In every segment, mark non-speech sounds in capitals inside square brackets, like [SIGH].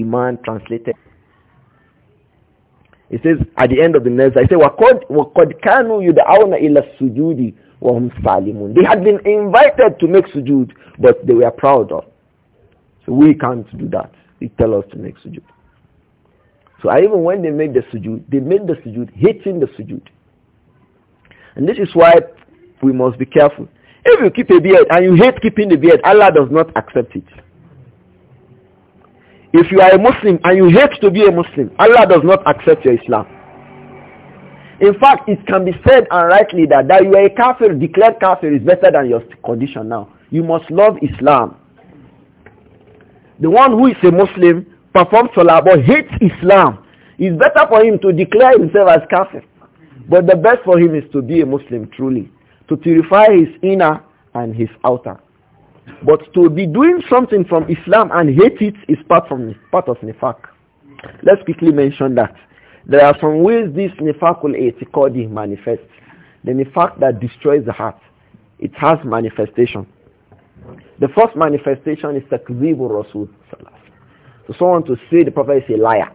iman translated. It says at the end of the Nazar, it says, وَقَدْ, وَقَدْ كَانُوا يُدْعَوْنَ إِلَى السُّجُودِ وَهُمْ سَالِمُونَ They had been invited to make sujud, but they were proud of. So we can't do that. They tell us to make sujud. So even when they made the sujud, they made the sujud hating the sujud. And this is why we must be careful. If you keep a beard and you hate keeping the beard, Allah does not accept it. If you are a Muslim and you hate to be a Muslim, Allah does not accept your Islam. In fact, it can be said and rightly that, that you are a kafir, declared kafir is better than your condition now. You must love Islam. The one who is a Muslim, performs Salah but hates Islam, it's better for him to declare himself as kafir. But the best for him is to be a Muslim truly, to purify his inner and his outer. But to be doing something from Islam and hate it is part, from, part of nifaq. Let's quickly mention that. There are some ways this nifaqul itiqadi manifests. The nifaq that destroys the heart. It has manifestation. The first manifestation is takzibul rasul. So someone to say the prophet is a liar.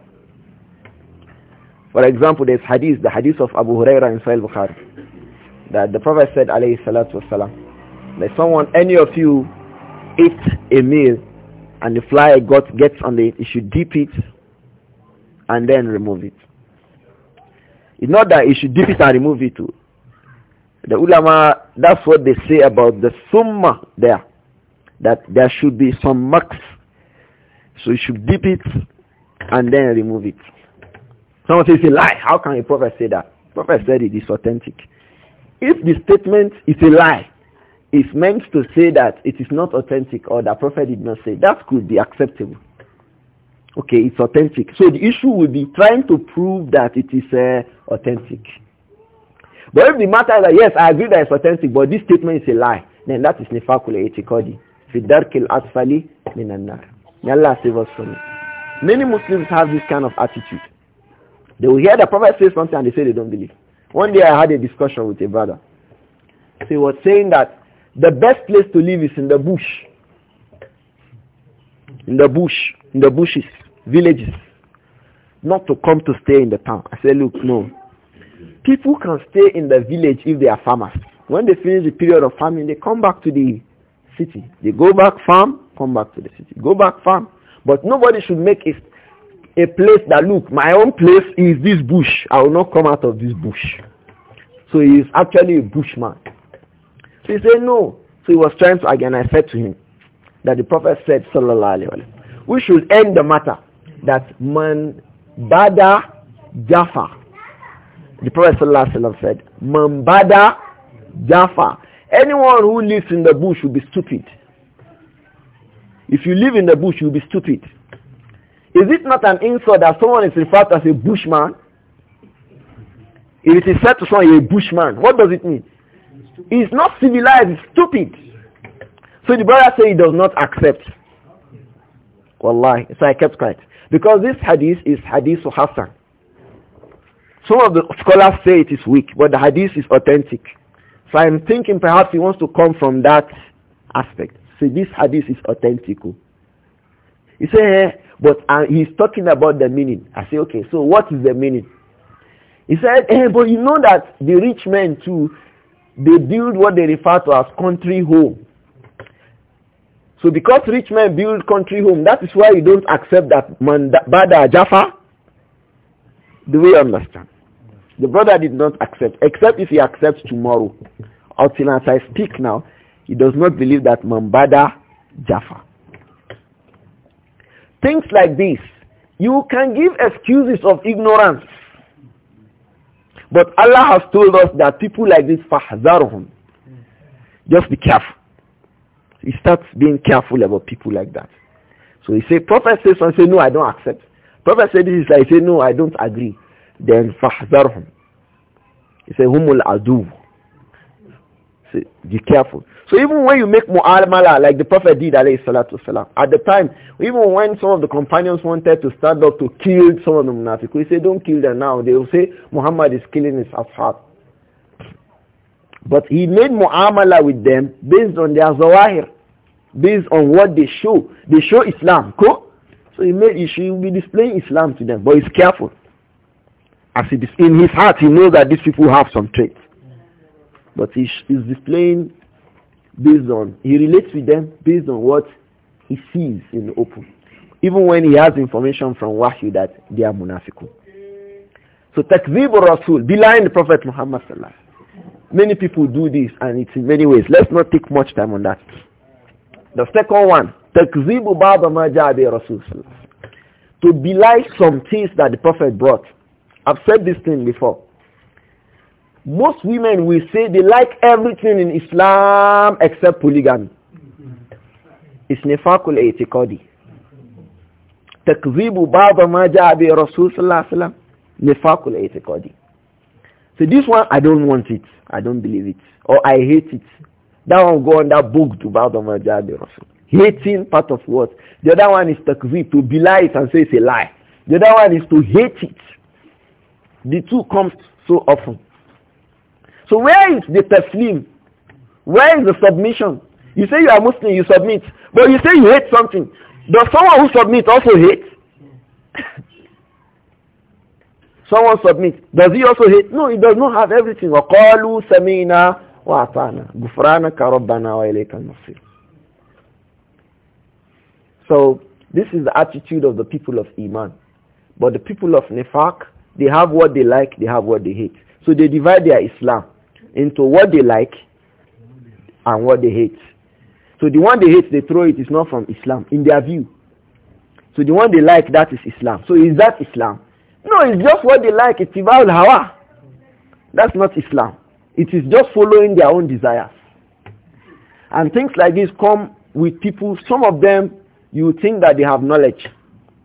For example, there's hadith, the hadith of Abu Hurairah in Sahih Bukhari, that the prophet said, alayhi salatu wasalam, that someone, any of you ate a meal and the fly got, gets on it, you should dip it and then remove it. It's not that you should dip it and remove it too. Oh. The ulama, that's what they say about the summa there. That there should be some marks. So you should dip it and then remove it. Someone says a lie. How can a prophet say that? The prophet said it is authentic. If the statement is a lie, is meant to say that it is not authentic or the prophet did not say, that could be acceptable. Okay, it's authentic. So the issue will be trying to prove that it is uh, authentic. But if the matter is that, yes, I agree that it's authentic, but this statement is a lie, then that is nifakul etikodi. Fidarkil asfali minanar. May Allah save us from it. Many Muslims have this kind of attitude. They will hear the prophet say something and they say they don't believe. One day I had a discussion with a brother. So he was saying that the best place to live is in the bush. In the bush, in the bushes, villages. Not to come to stay in the town. I say, look, no. People can stay in the village if they are farmers. When they finish the period of farming, they come back to the city. They go back farm, come back to the city. Go back farm. But nobody should make it a place that look, my own place is this bush. I will not come out of this bush. So he is actually a bushman. So he said, no. So he was trying to argue, and I said to him that the Prophet said, sallallahu alayhi wa we should end the matter that man bada Jaffa. The Prophet sallallahu alayhi wa said, man bada Jaffa. Anyone who lives in the bush will be stupid. If you live in the bush, you'll be stupid. Is it not an insult that someone is referred to as a bushman? If it is said to someone, you're a bushman, what does it mean? It's not civilized, He's stupid. So the brother said he does not accept. Wallahi. So I kept quiet. Because this hadith is hadith of Hassan. Some of the scholars say it is weak, but the hadith is authentic. So I'm thinking perhaps he wants to come from that aspect. See, this hadith is authentic. He said, eh, but uh, he's talking about the meaning. I say, okay, so what is the meaning? He said, eh, but you know that the rich men too, they build what they refer to as country home. So because rich men build country home, that is why you don't accept that Mambada Jaffa. Do we understand? The brother did not accept, except if he accepts tomorrow. Until as I speak now, he does not believe that Mambada Jaffa. Things like this, you can give excuses of ignorance but Allah has told us that people like this, فَحْذَرْهُمْ Just be careful. He starts being careful about people like that. So he said, Prophet says I say, no, I don't accept. Prophet said this, I say, no, I don't agree. Then فَحْذَرْهُمْ He said, هُمُ الْعَدُوُ be careful. So even when you make mu'amala like the Prophet did salatu salam, at the time, even when some of the companions wanted to start up to kill some of the munafiq, we say don't kill them now. They will say Muhammad is killing his ashab. But he made mu'amala with them based on their zawahir, based on what they show. They show Islam. Cool? So he made he will be displaying Islam to them, but he's careful. As it is in his heart, he knows that these people have some traits. But he is displaying based on, he relates with them based on what he sees in the open. Even when he has information from Wahyu that they are munafiqun. So takzib rasul belying the Prophet Muhammad sallallahu Many people do this and it's in many ways. Let's not take much time on that. The second one, takzib ba'da ma rasul To belie some things that the Prophet brought. I've said this thing before. Most women will say they like everything in Islam except polygamy. It's nifakul itiqadi. تكذيب بعض ما جاء به رسول صلى الله عليه وسلم نفاق so this one I don't want it I don't believe it or I hate it that one go under book to baba ma جاء Rasul. hating part of what the other one is takzib to belie it and say it's a lie the other one is to hate it the two comes so often so where is the taslim? Where is the submission? You say you are Muslim, you submit. But you say you hate something. Does someone who submits also hate? [LAUGHS] someone submits. Does he also hate? No, he does not have everything. وَقَالُوا سَمِينَا وَعَطَانَا غُفْرَانَكَ رَبَّنَا وَإِلَيْكَ الْمَصِيرُ So this is the attitude of the people of Iman. But the people of Nifaq, they have what they like, they have what they hate. So they divide their Islam into what they like and what they hate. So the one they hate, they throw it is not from Islam, in their view. So the one they like, that is Islam. So is that Islam? No, it's just what they like. It's Tiba'ul Hawa. That's not Islam. It is just following their own desires. And things like this come with people, some of them, you think that they have knowledge.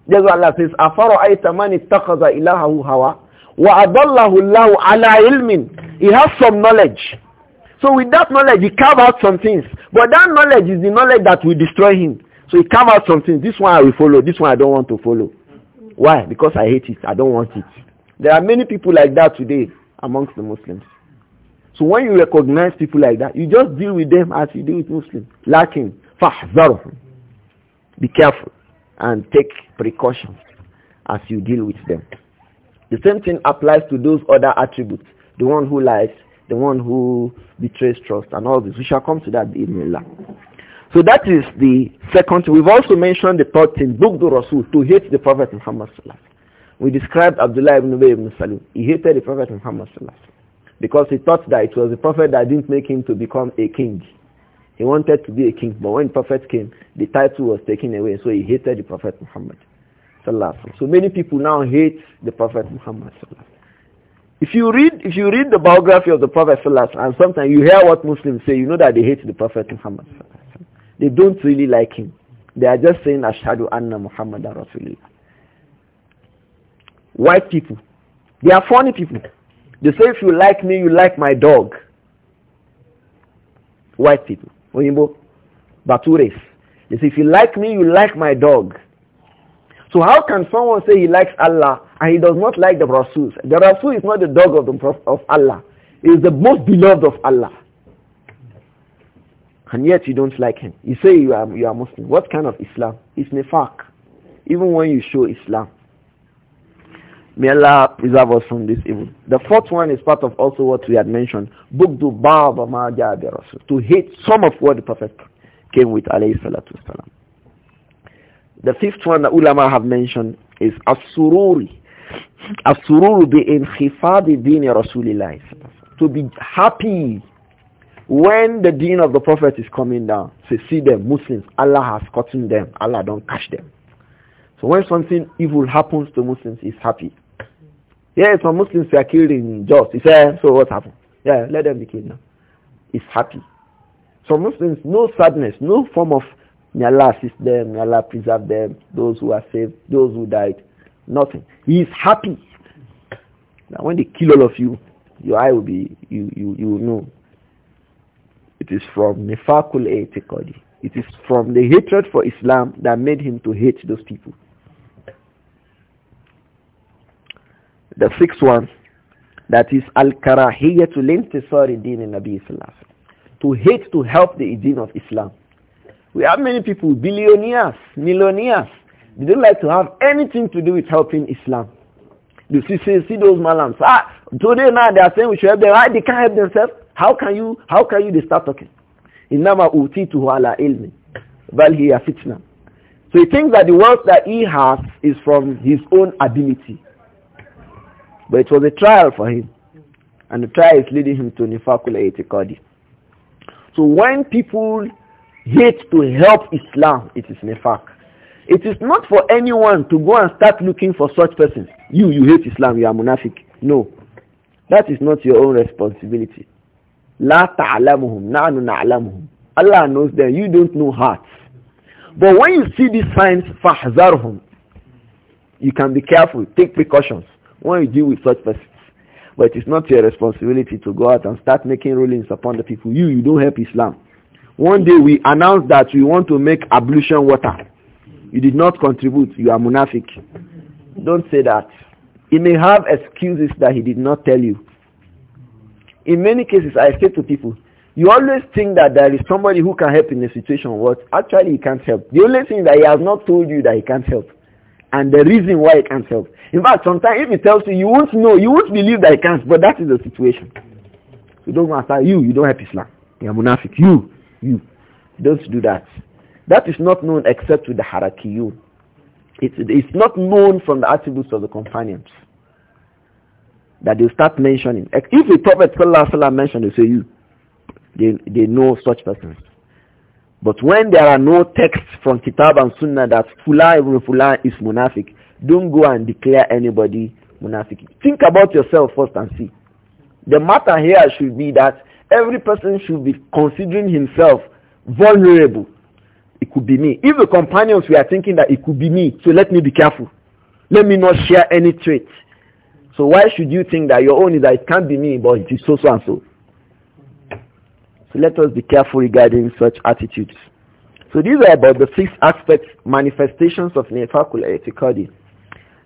That's what Allah says, أَفَرَأَيْتَ مَنِ اتَّخَذَ وَأَضَلَّهُ اللَّهُ عَلَىٰ عِلْمٍ He has some knowledge. So with that knowledge, he carved out some things. But that knowledge is the knowledge that will destroy him. So he carved out some things. This one I will follow. This one I don't want to follow. Why? Because I hate it. I don't want it. There are many people like that today amongst the Muslims. So when you recognize people like that, you just deal with them as you deal with Muslims. Lacking. فَحْذَرُهُمْ Be careful and take precautions as you deal with them. The same thing applies to those other attributes. The one who lies, the one who betrays trust and all this. We shall come to that in Allah. So that is the second. We've also mentioned the third thing, Bugdu Rasul, to hate the Prophet Muhammad We described Abdullah ibn Ubay ibn Salim. He hated the Prophet Muhammad because he thought that it was the Prophet that didn't make him to become a king. He wanted to be a king, but when the Prophet came, the title was taken away, so he hated the Prophet Muhammad. So many people now hate the Prophet Muhammad If you read if you read the biography of the Prophet and sometimes you hear what Muslims say, you know that they hate the Prophet Muhammad They don't really like him. They are just saying ashadu Anna Muhammad Rasulullah. White people. They are funny people. They say if you like me, you like my dog. White people. Oyimbo. Batures. They say if you like me, you like my dog. So how can someone say he likes Allah and he does not like the Rasul? The Rasul is not the dog of, the, of Allah. He is the most beloved of Allah. And yet you don't like him. You say you are, you are Muslim. What kind of Islam? It's nifaq. Even when you show Islam. May Allah preserve us from this evil. The fourth one is part of also what we had mentioned. Bugdu Baba To hate some of what the Prophet came with alayhi salatu wasalam. The fifth one that ulama have mentioned is as-sururi. As-sururu bi inkhifadi din Rasulillah. To be happy when the deen of the prophet is coming down. So see them, Muslims, Allah has gotten them. Allah don't catch them. So when something evil happens to Muslims, he's happy. Yeah, some Muslims are killed in Jos. He said, so what happened? Yeah, let them be killed now. He's happy. So Muslims, no sadness, no form of May Allah assist them. May Allah preserve them. Those who are saved, those who died. Nothing. He is happy. Now when they kill all of you, your eye will be, you, you, you will know. It is from nefakul Etiqadi. It is from the hatred for Islam that made him to hate those people. The sixth one, that is Al-Karahiyya to Lintisari Deen in Nabi Sallallahu. To hate to help the Deen of Islam. We have many people, billionaires, millionaires. They don't like to have anything to do with helping Islam. You see, see, see those malams. Ah, today now they are saying we should help them. Ah, they can't help themselves. How can you, how can you, they start talking? Innama utituhu ala ilmi. Bal hiya fitna. So he thinks that the wealth that he has is from his own ability. But it was a trial for him. And the trial is leading him to nifakul So when people hate to help Islam, it is nifaq. It is not for anyone to go and start looking for such persons. You, you hate Islam, you are munafik. No. That is not your own responsibility. La ta'alamuhum, na'nu na'alamuhum. Allah knows them, you don't know hearts. But when you see these signs, fahzarhum, you can be careful, take precautions when you deal with such persons. But it's not your responsibility to go out and start making rulings upon the people. You, you don't help Islam. One day we announced that we want to make ablution water. You did not contribute. You are munafik. Don't say that. He may have excuses that he did not tell you. In many cases, I say to people, you always think that there is somebody who can help in a situation, but actually he can't help. The only thing that he has not told you that he can't help, and the reason why he can't help. In fact, sometimes if he tells you, you won't know, you won't believe that he can't, but that is the situation. You don't matter you, you don't help Islam. You are munafik. You, you. Don't do that. That is not known except with the harakiyun. it's not known from the attributes of the companions that they start mentioning. If the Prophet ﷺ mentioned, they say you. They, they know such persons. But when there are no texts from Kitab and Sunnah that Fula ibn Fula is Munafik, don't go and declare anybody Munafik. Think about yourself first and see. The matter here should be that Every person should be considering himself vulnerable. It could be me. If the companions were thinking that it could be me, so let me be careful. Let me not share any trait. So why should you think that your own is that it can't be me, but it is so so and so? So let us be careful regarding such attitudes. So these are about the six aspects, manifestations of nefakul etiqadi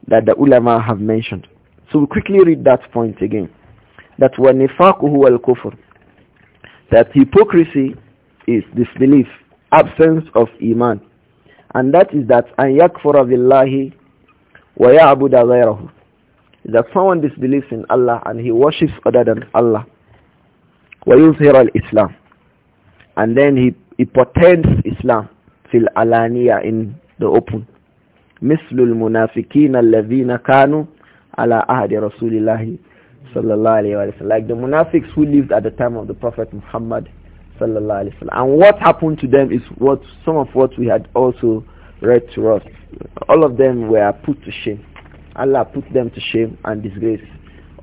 that the ulama have mentioned. So we quickly read that point again. That when nefakul al-kufr that hypocrisy is disbelief, absence of iman. And that is that an yakfura billahi wa ya'budu ghayrahu. That someone disbelieves in Allah and he worships other than Allah. Wa yuzhir al-Islam. And then he, he portends Islam fil alaniya in the open. مثل المنافقين الذين كانوا على عهد رسول الله sallallahu alayhi wa like the munafiqs who lived at the time of the prophet muhammad sallallahu alayhi wa and what happened to them is what some of what we had also read to us all of them were put to shame allah put them to shame and disgrace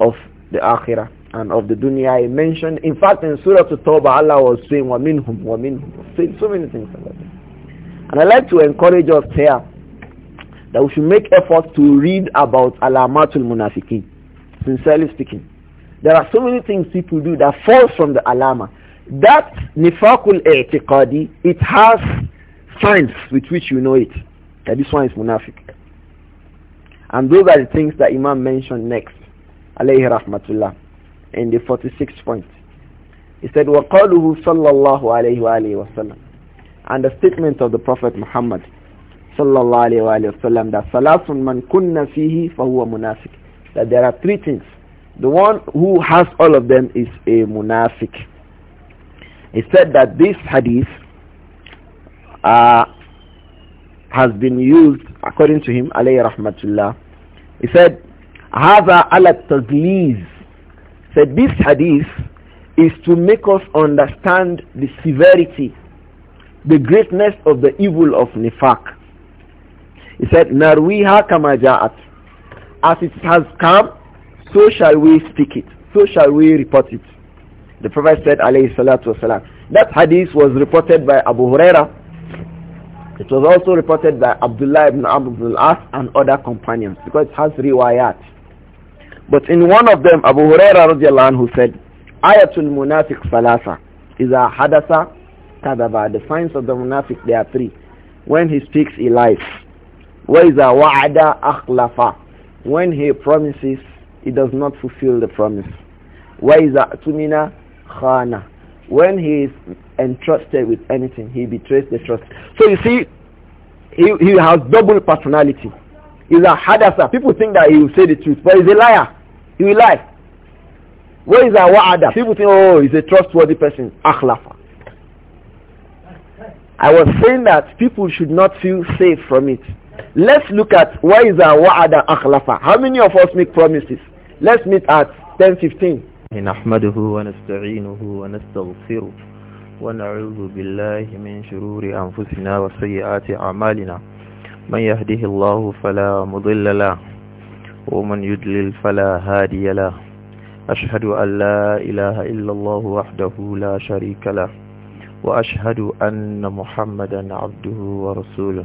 of the akhirah and of the dunya he mentioned in fact in surah at-tawbah allah was saying wa minhum wa minhum saying so many things about them and i like to encourage us here that we should make effort to read about alamatul munafiqin Sincerely speaking. There are so many things people do that falls from the alama. That nifakul i'tiqadi, it has signs with which you know it. That this one is munafiq. And those are the things that Imam mentioned next. Alayhi rahmatullah. In the 46th point. He said, وَقَالُهُ صَلَّى اللَّهُ alayhi wa sallam And the statement of the Prophet Muhammad sallallahu alayhi wa sallam that صلاة man kunna فيه fahuwa منافق that there are three things. The one who has all of them is a munafiq. He said that this hadith uh, has been used, according to him, alayhi rahmatullah. He said, "Haza على التزليز. Said this hadith is to make us understand the severity, the greatness of the evil of nifaq. He said, نرويها كما جاءت as it has come, so shall we speak it. So shall we report it. The Prophet said, alayhi salatu wasalam. That hadith was reported by Abu Huraira. It was also reported by Abdullah ibn Amr as and other companions because it has riwayat. But in one of them, Abu Huraira radiallahu anhu said, Ayatul munafiq salasa is a hadasa kadaba. The signs of the munafiq, there are three. When he speaks, he lies. وَإِذَا وَعَدَ أَخْلَفَ when he promises, he does not fulfill the promise. وَإِذَا أَتُمِنَا خَانَ When he is entrusted with anything, he betrays the trust. So you see, he, he has double personality. He's a hadasa. People think that he will say the truth, but he's a liar. He will lie. Where is our wa'ada? People think, oh, he's a trustworthy person. Akhlafa. I was saying that people should not feel safe from it. Let's look at why is our wa'ada akhlafa. How many of us make promises? Let's meet at 10:15. نحمده ونستعينه ونستغفره ونعوذ بالله من شرور أنفسنا وسيئات أعمالنا من يهده الله فلا مضل له ومن يدلل فلا هادي له أشهد أن لا إله إلا الله وحده لا شريك له وأشهد أن محمدا عبده ورسوله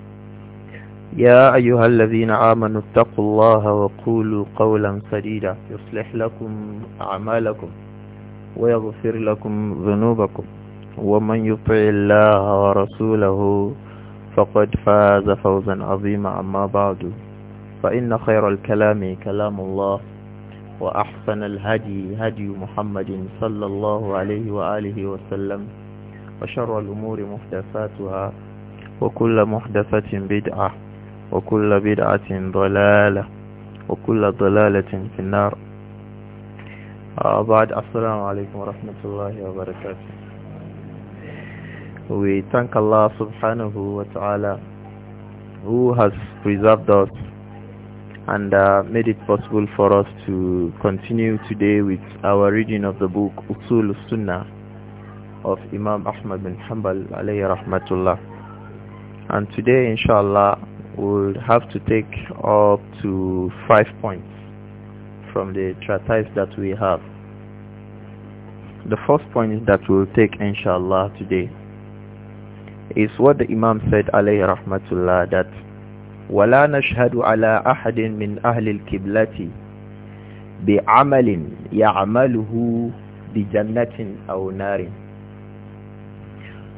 يا أيها الذين آمنوا اتقوا الله وقولوا قولا سديدا يصلح لكم أعمالكم ويغفر لكم ذنوبكم ومن يطع الله ورسوله فقد فاز فوزا عظيما أما بعد فإن خير الكلام كلام الله وأحسن الهدي هدي محمد صلى الله عليه وآله وسلم وشر الأمور محدثاتها وكل محدثة بدعة وكل بدعة ضلالة وكل ضلالة في النار بعد السلام عليكم ورحمة الله وبركاته We thank Allah subhanahu wa ta'ala who has preserved us and uh, made it possible for us to continue today with our reading of the book Usul Sunnah of Imam Ahmad bin Hanbal alayhi rahmatullah and today inshallah would have to take up to five points from the treatise that we have. The first point that we'll take inshallah today is what the Imam said alayhi rahmatullah that وَلَا نَشْهَدُ عَلَىٰ أَحَدٍ مِّنْ أَهْلِ الْكِبْلَةِ بعمل يعمله بجنة أو نار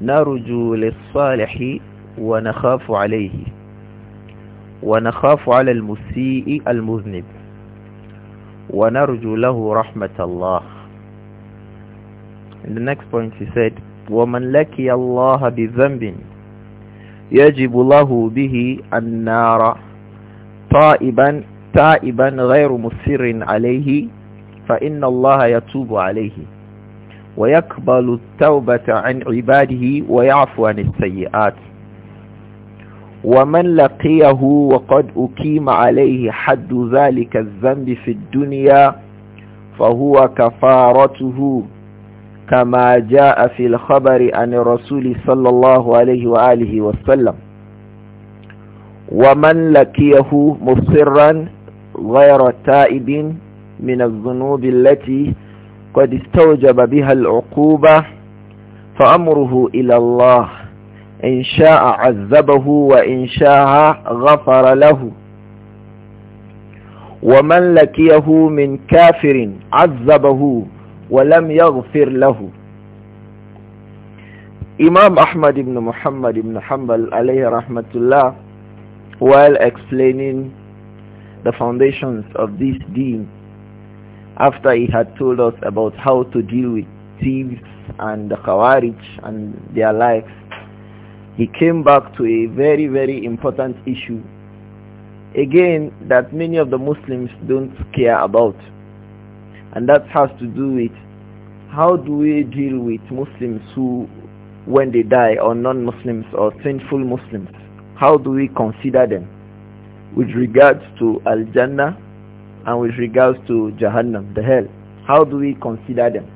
نرجو للصالح ونخاف عليه ونخاف على المسيء المذنب ونرجو له رحمة الله In the next point he said ومن لكي الله بذنب يجب له به النار طائبا تائبا غير مسر عليه فإن الله يتوب عليه ويقبل التوبة عن عباده ويعفو عن السيئات ومن لقيه وقد أقيم عليه حد ذلك الذنب في الدنيا فهو كفارته كما جاء في الخبر عن الرسول صلى الله عليه وآله وسلم ومن لقيه مصرا غير تائب من الذنوب التي قد استوجب بها العقوبة فأمره إلى الله إن شاء عذبه وإن شاء غفر له ومن لكيه من كافر عذبه ولم يغفر له Imam Ahmad ibn Muhammad ibn Hanbal alayhi rahmatullah while explaining the foundations of this deen after he had told us about how to deal with thieves and the Khawarij and their likes he came back to a very, very important issue, again, that many of the Muslims don't care about. And that has to do with how do we deal with Muslims who, when they die, or non-Muslims or sinful Muslims, how do we consider them with regards to Al-Jannah and with regards to Jahannam, the hell? How do we consider them?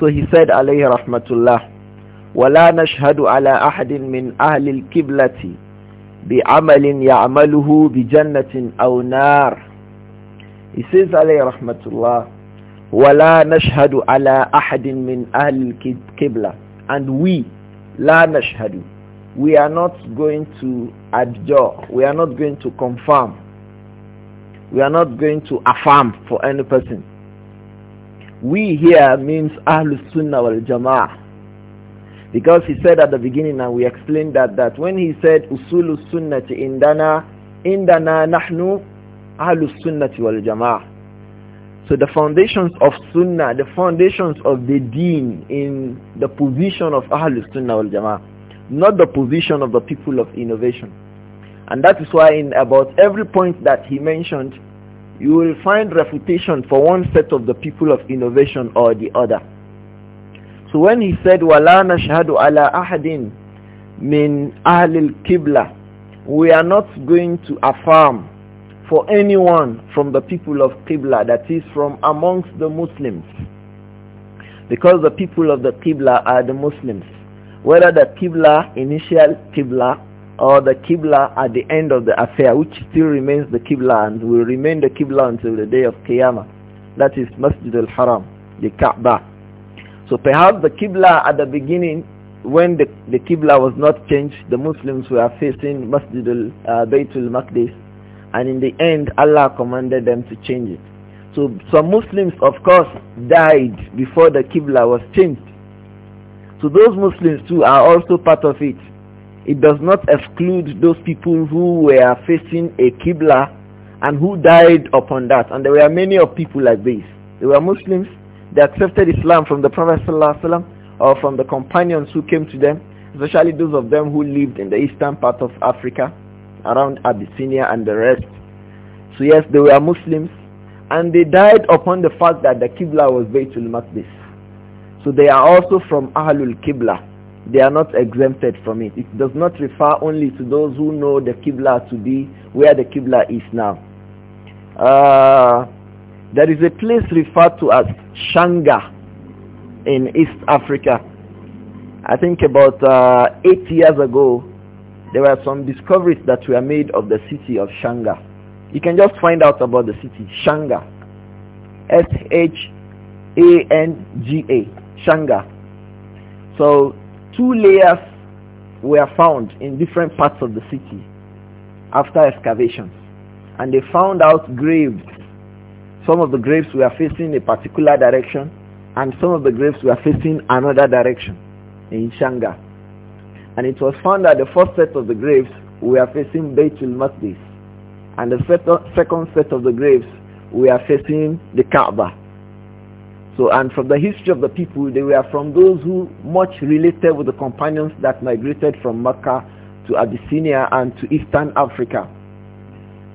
So he said, alayhi rahmatullah, ولا نشهد على أحد من أهل الكبلة بعمل يعمله بجنة أو نار He says عليه رحمة الله ولا نشهد على أحد من أهل الكبلة and we لا نشهد we are not going to adjure we are not going to confirm we are not going to affirm for any person we here means Ahlul Sunnah wal Jama'ah because he said at the beginning and we explained that that when he said usulu sunnati indana indana nahnu ahlus sunnati wal So the foundations of sunnah, the foundations of the deen in the position of ahlus sunnah wal not the position of the people of innovation. And that is why in about every point that he mentioned, you will find refutation for one set of the people of innovation or the other. So when he said, وَلَا نَشْهَدُ عَلَىٰ أَحَدٍ مِنْ أَهْلِ الْكِبْلَةِ We are not going to affirm for anyone from the people of Qibla, that is from amongst the Muslims. Because the people of the Qibla are the Muslims. Whether the Qibla, initial Qibla, or the Qibla at the end of the affair, which still remains the Qibla and will remain the Qibla until the day of Qiyamah. That is Masjid al-Haram, the Kaaba. So perhaps the Qibla at the beginning, when the, the Qibla was not changed, the Muslims were facing Masjid al uh, Baytul Maqdis. And in the end, Allah commanded them to change it. So some Muslims, of course, died before the Qibla was changed. So those Muslims too are also part of it. It does not exclude those people who were facing a Qibla and who died upon that. And there were many of people like this. They were Muslims, they accepted Islam from the Prophet ﷺ or from the companions who came to them, especially those of them who lived in the eastern part of Africa, around Abyssinia and the rest. So yes, they were Muslims and they died upon the fact that the Qibla was Baytul Maqdis. So they are also from Ahlul Qibla. They are not exempted from it. It does not refer only to those who know the Qibla to be where the Qibla is now. Uh, there is a place referred to as Shanga in East Africa. I think about uh, eight years ago, there were some discoveries that were made of the city of Shanga. You can just find out about the city, Shanga. S-H-A-N-G-A, Shanga. So two layers were found in different parts of the city after excavations. And they found out graves some of the graves were facing a particular direction and some of the graves were facing another direction in Shanga. And it was found that the first set of the graves were facing Beitul Maqdis and the second set of the graves were facing the Kaaba. So, and from the history of the people, they were from those who much related with the companions that migrated from Mecca to Abyssinia and to Eastern Africa.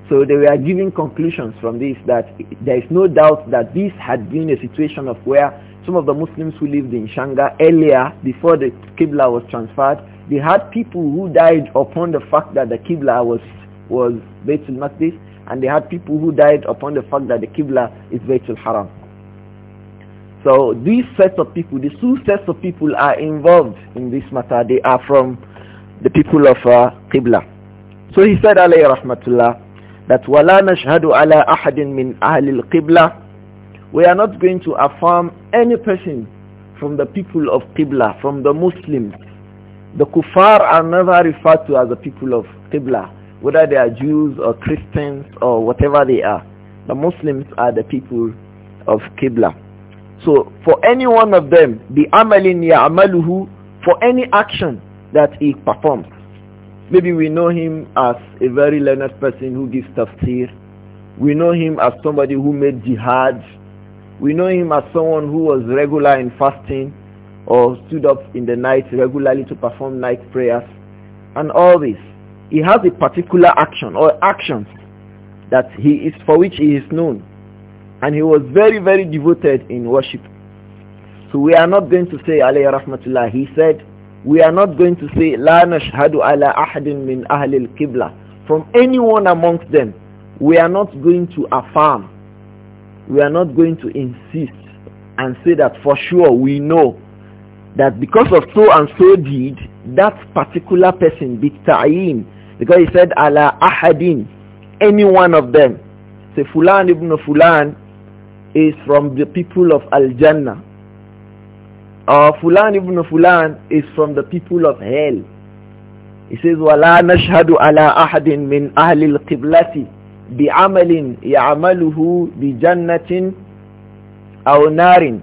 So they were giving conclusions from this that there is no doubt that this had been a situation of where some of the Muslims who lived in Shanga earlier, before the Qibla was transferred, they had people who died upon the fact that the Qibla was, was Baitul Maqdis, and they had people who died upon the fact that the Qibla is Baitul Haram. So these sets of people, these two sets of people are involved in this matter. They are from the people of uh, Qibla. So he said, alayhi rahmatullah, that wala nashhadu ala ahadin min ahlil qibla we are not going to affirm any person from the people of qibla from the muslims the kuffar are never referred to as the people of qibla whether they are jews or christians or whatever they are the muslims are the people of qibla so for any one of them the amalin ya'maluhu for any action that he performs Maybe we know him as a very learned person who gives tafsir. We know him as somebody who made jihad. We know him as someone who was regular in fasting or stood up in the night regularly to perform night prayers. And all this. He has a particular action or actions that he is for which he is known. And he was very, very devoted in worship. So we are not going to say alayhi rahmatullah. He said we are not going to say la nashhadu ala ahadin min ahli al-qibla from anyone amongst them we are not going to affirm we are not going to insist and say that for sure we know that because of so and so deed that particular person bitta'in because he said ala ahadin any one of them say fulan ibn fulan is from the people of al-jannah uh, Fulan ibn Fulan is from the people of hell. He says, وَلَا نَشْهَدُ عَلَىٰ أَحَدٍ مِّنْ أَهْلِ الْقِبْلَةِ بِعَمَلٍ يَعْمَلُهُ بِجَنَّةٍ أَوْ نَارٍ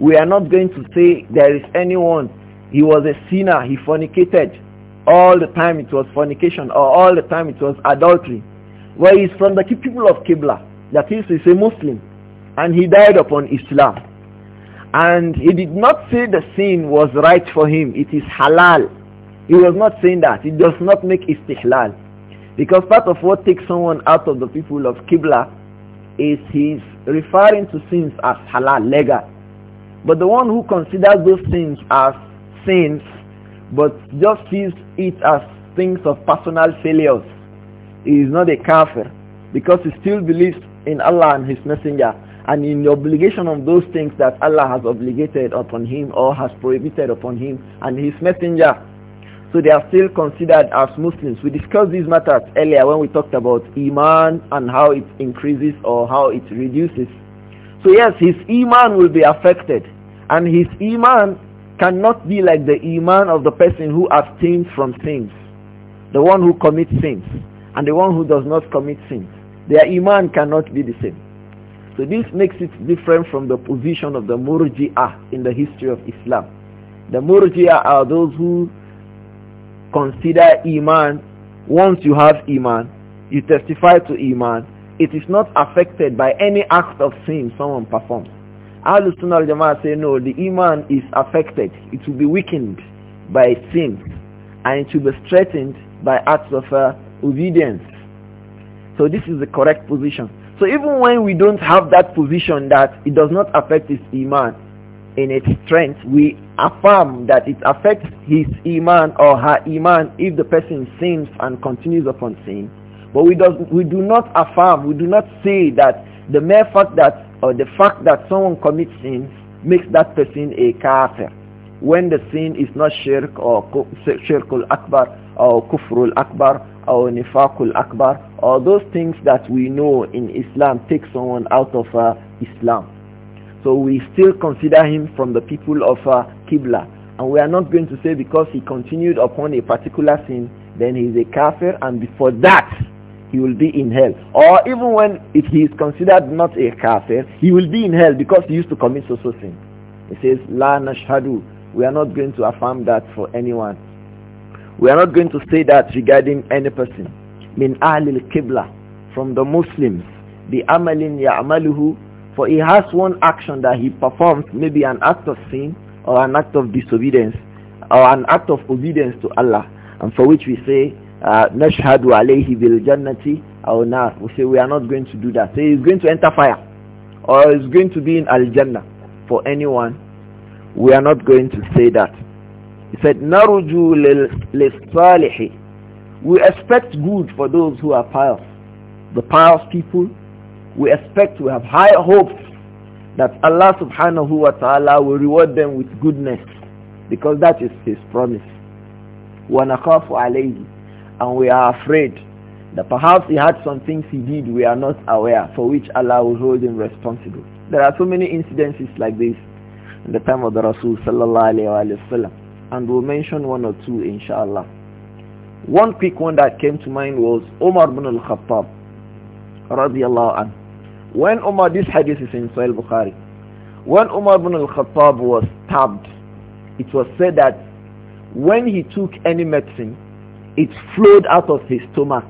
We are not going to say there is anyone. He was a sinner. He fornicated. All the time it was fornication or all the time it was adultery. Where well, he's from the people of Qibla. That is, he's a Muslim. And he died upon Islam. And he did not say the sin was right for him. It is halal. He was not saying that. It does not make istihlal. Because part of what takes someone out of the people of Qibla is he's referring to sins as halal, legal. But the one who considers those sins as sins, but just sees it as things of personal failures, is not a kafir. Because he still believes in Allah and his messenger and in the obligation of those things that Allah has obligated upon him or has prohibited upon him and his messenger. So they are still considered as Muslims. We discussed these matters earlier when we talked about Iman and how it increases or how it reduces. So yes, his Iman will be affected and his Iman cannot be like the Iman of the person who abstains from sins, the one who commits sins and the one who does not commit sins. Their Iman cannot be the same. So this makes it different from the position of the Murji'ah in the history of Islam. The Murji'ah are those who consider Iman, once you have Iman, you testify to Iman, it is not affected by any act of sin someone performs. Ahlul Sunnah al-Jama'ah say no, the Iman is affected. It will be weakened by sin and it will be strengthened by acts of uh, obedience. So this is the correct position. So even when we don't have that position that it does not affect his iman in its strength, we affirm that it affects his iman or her iman if the person sins and continues upon sin. But we, does, we do not affirm, we do not say that the mere fact that or the fact that someone commits sin makes that person a kafir when the sin is not shirk or shirkul akbar or kufrul akbar or nifakul akbar or those things that we know in Islam take someone out of uh, Islam. So we still consider him from the people of uh, Qibla. And we are not going to say because he continued upon a particular sin, then he is a kafir and before that he will be in hell. Or even when if he is considered not a kafir, he will be in hell because he used to commit so-so sin. He says, La nashhadu. We are not going to affirm that for anyone. We are not going to say that regarding any person. Min ahlil qibla, from the Muslims, the amalin ya'maluhu, for he has one action that he performs, maybe an act of sin or an act of disobedience or an act of obedience to Allah, and for which we say, uh, nashhadu alayhi bil jannati aw nar. We say we are not going to do that. He so he's going to enter fire or is going to be in al-jannah for anyone. We are not going to say that. He said, Naruju lil We expect good for those who are pious. The pious people, we expect, we have high hopes that Allah subhanahu wa ta'ala will reward them with goodness because that is his promise. وَنَخَافُ عَلَيْهِ And we are afraid that perhaps he had some things he did we are not aware for which Allah will hold him responsible. There are so many incidences like this in the time of the Rasul sallallahu alayhi wa sallam and we'll mention one or two inshallah. One quick one that came to mind was Omar ibn al-Khattab radiallahu anhu. When Omar, this hadith is in Sahih Bukhari. When Omar ibn al-Khattab was stabbed, it was said that when he took any medicine, it flowed out of his stomach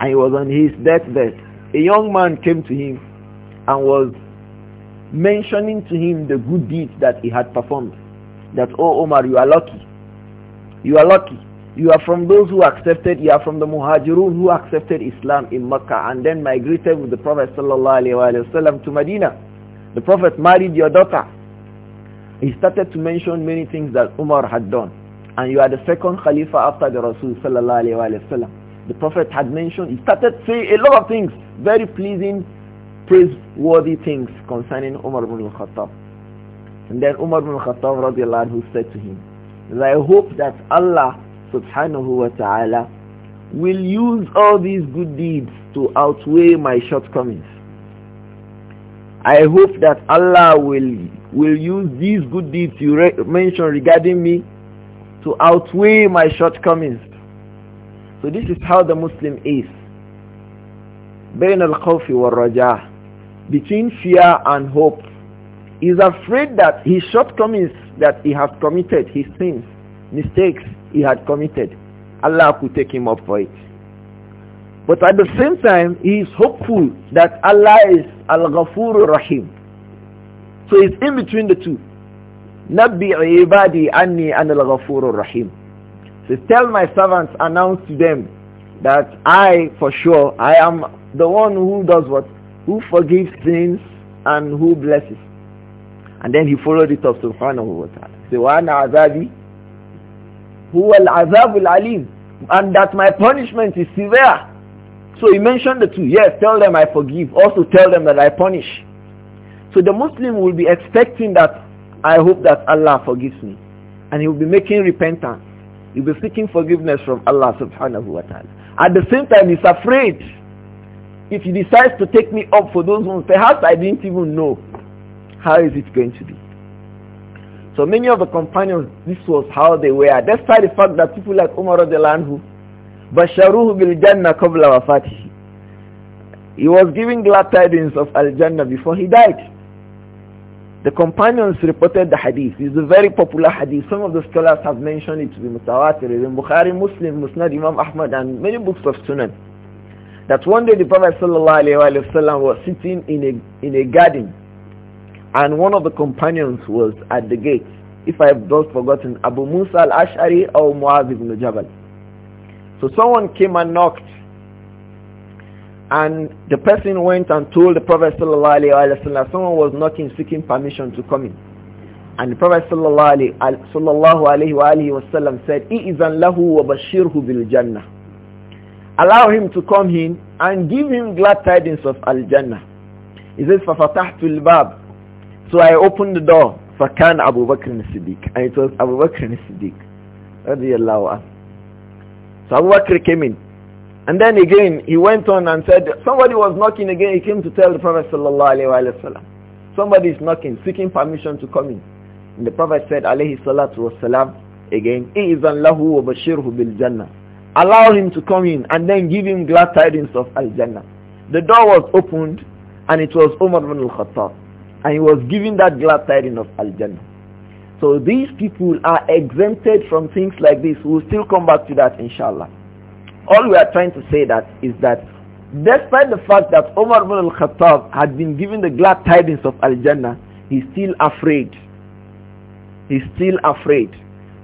and he was on his deathbed. A young man came to him and was mentioning to him the good deeds that he had performed that, oh Omar, you are lucky. You are lucky. You are from those who accepted, you are from the Muhajirun who accepted Islam in Mecca and then migrated with the Prophet wasallam to Medina. The Prophet married your daughter. He started to mention many things that Umar had done. And you are the second Khalifa after the Rasul wasallam. The Prophet had mentioned, he started saying a lot of things, very pleasing, praiseworthy things concerning Umar ibn al-Khattab. Hmm. And then Umar bin Khattab radiallahu anhu said to him, I hope that Allah subhanahu wa ta'ala will use all these good deeds to outweigh my shortcomings. I hope that Allah will, will use these good deeds you re mentioned regarding me to outweigh my shortcomings. So this is how the Muslim is. بين الخوف والرجاء between fear and hope is afraid that his shortcomings that he has committed, his sins, mistakes he had committed, Allah could take him up for it. But at the same time, he is hopeful that Allah is Al-Ghafur Rahim. So it's in between the two. Nabi ibadi anni an al-ghafur rahim So tell my servants, announce to them that I, for sure, I am the one who does what? Who forgives sins and who blesses. And then he followed it up, subhanahu wa ta'ala. Say, وَأَنَا عَذَابِي هُوَ الْعَذَابُ الْعَلِيمُ And that my punishment is severe. So he mentioned the two. Yes, tell them I forgive. Also tell them that I punish. So the Muslim will be expecting that, I hope that Allah forgives me. And he will be making repentance. He will be seeking forgiveness from Allah subhanahu wa ta'ala. At the same time, he's afraid. If he decides to take me up for those ones, perhaps I didn't even know. How is it going to be? So many of the companions, this was how they were, despite the fact that people like Umar Anhu, Basharuhu bil Jannah qabla wafatihi. He was giving glad tidings of Al-Jannah before he died. The companions reported the hadith. It's a very popular hadith. Some of the scholars have mentioned it to be mutawatir in Bukhari, Muslim, Musnad, Imam Ahmad and many books of Sunan. That one day the Prophet ﷺ was sitting in a, in a garden and one of the companions was at the gate. If I have not forgotten, Abu Musa al-Ash'ari or Muaz ibn Jabal. So someone came and knocked. And the person went and told the Prophet sallallahu ﷺ someone was knocking seeking permission to come in. And the Prophet sallallahu alaihi wasallam said, "Izan lahu wa bashirhu bil jannah." Allow him to come in and give him glad tidings of al jannah. He says, "Fafatahtu al so I opened the door. for Khan Abu Bakr Siddiq. And it was Abu Bakr Siddiq. So Abu Bakr came in. And then again, he went on and said, somebody was knocking again. He came to tell the Prophet sallallahu alayhi wa Somebody is knocking, seeking permission to come in. And the Prophet said, alayhi salatu wasalam, again, إِذَنْ لَهُ وَبَشِّرْهُ بِالْجَنَّةِ Allow him to come in and then give him glad tidings of Al-Jannah. The door was opened and it was Umar ibn al-Khattab and he was given that glad tidings of Al-Jannah. So these people are exempted from things like this. We'll still come back to that inshallah. All we are trying to say that is that despite the fact that Omar ibn al-Khattab had been given the glad tidings of Al-Jannah, he's still afraid. He's still afraid.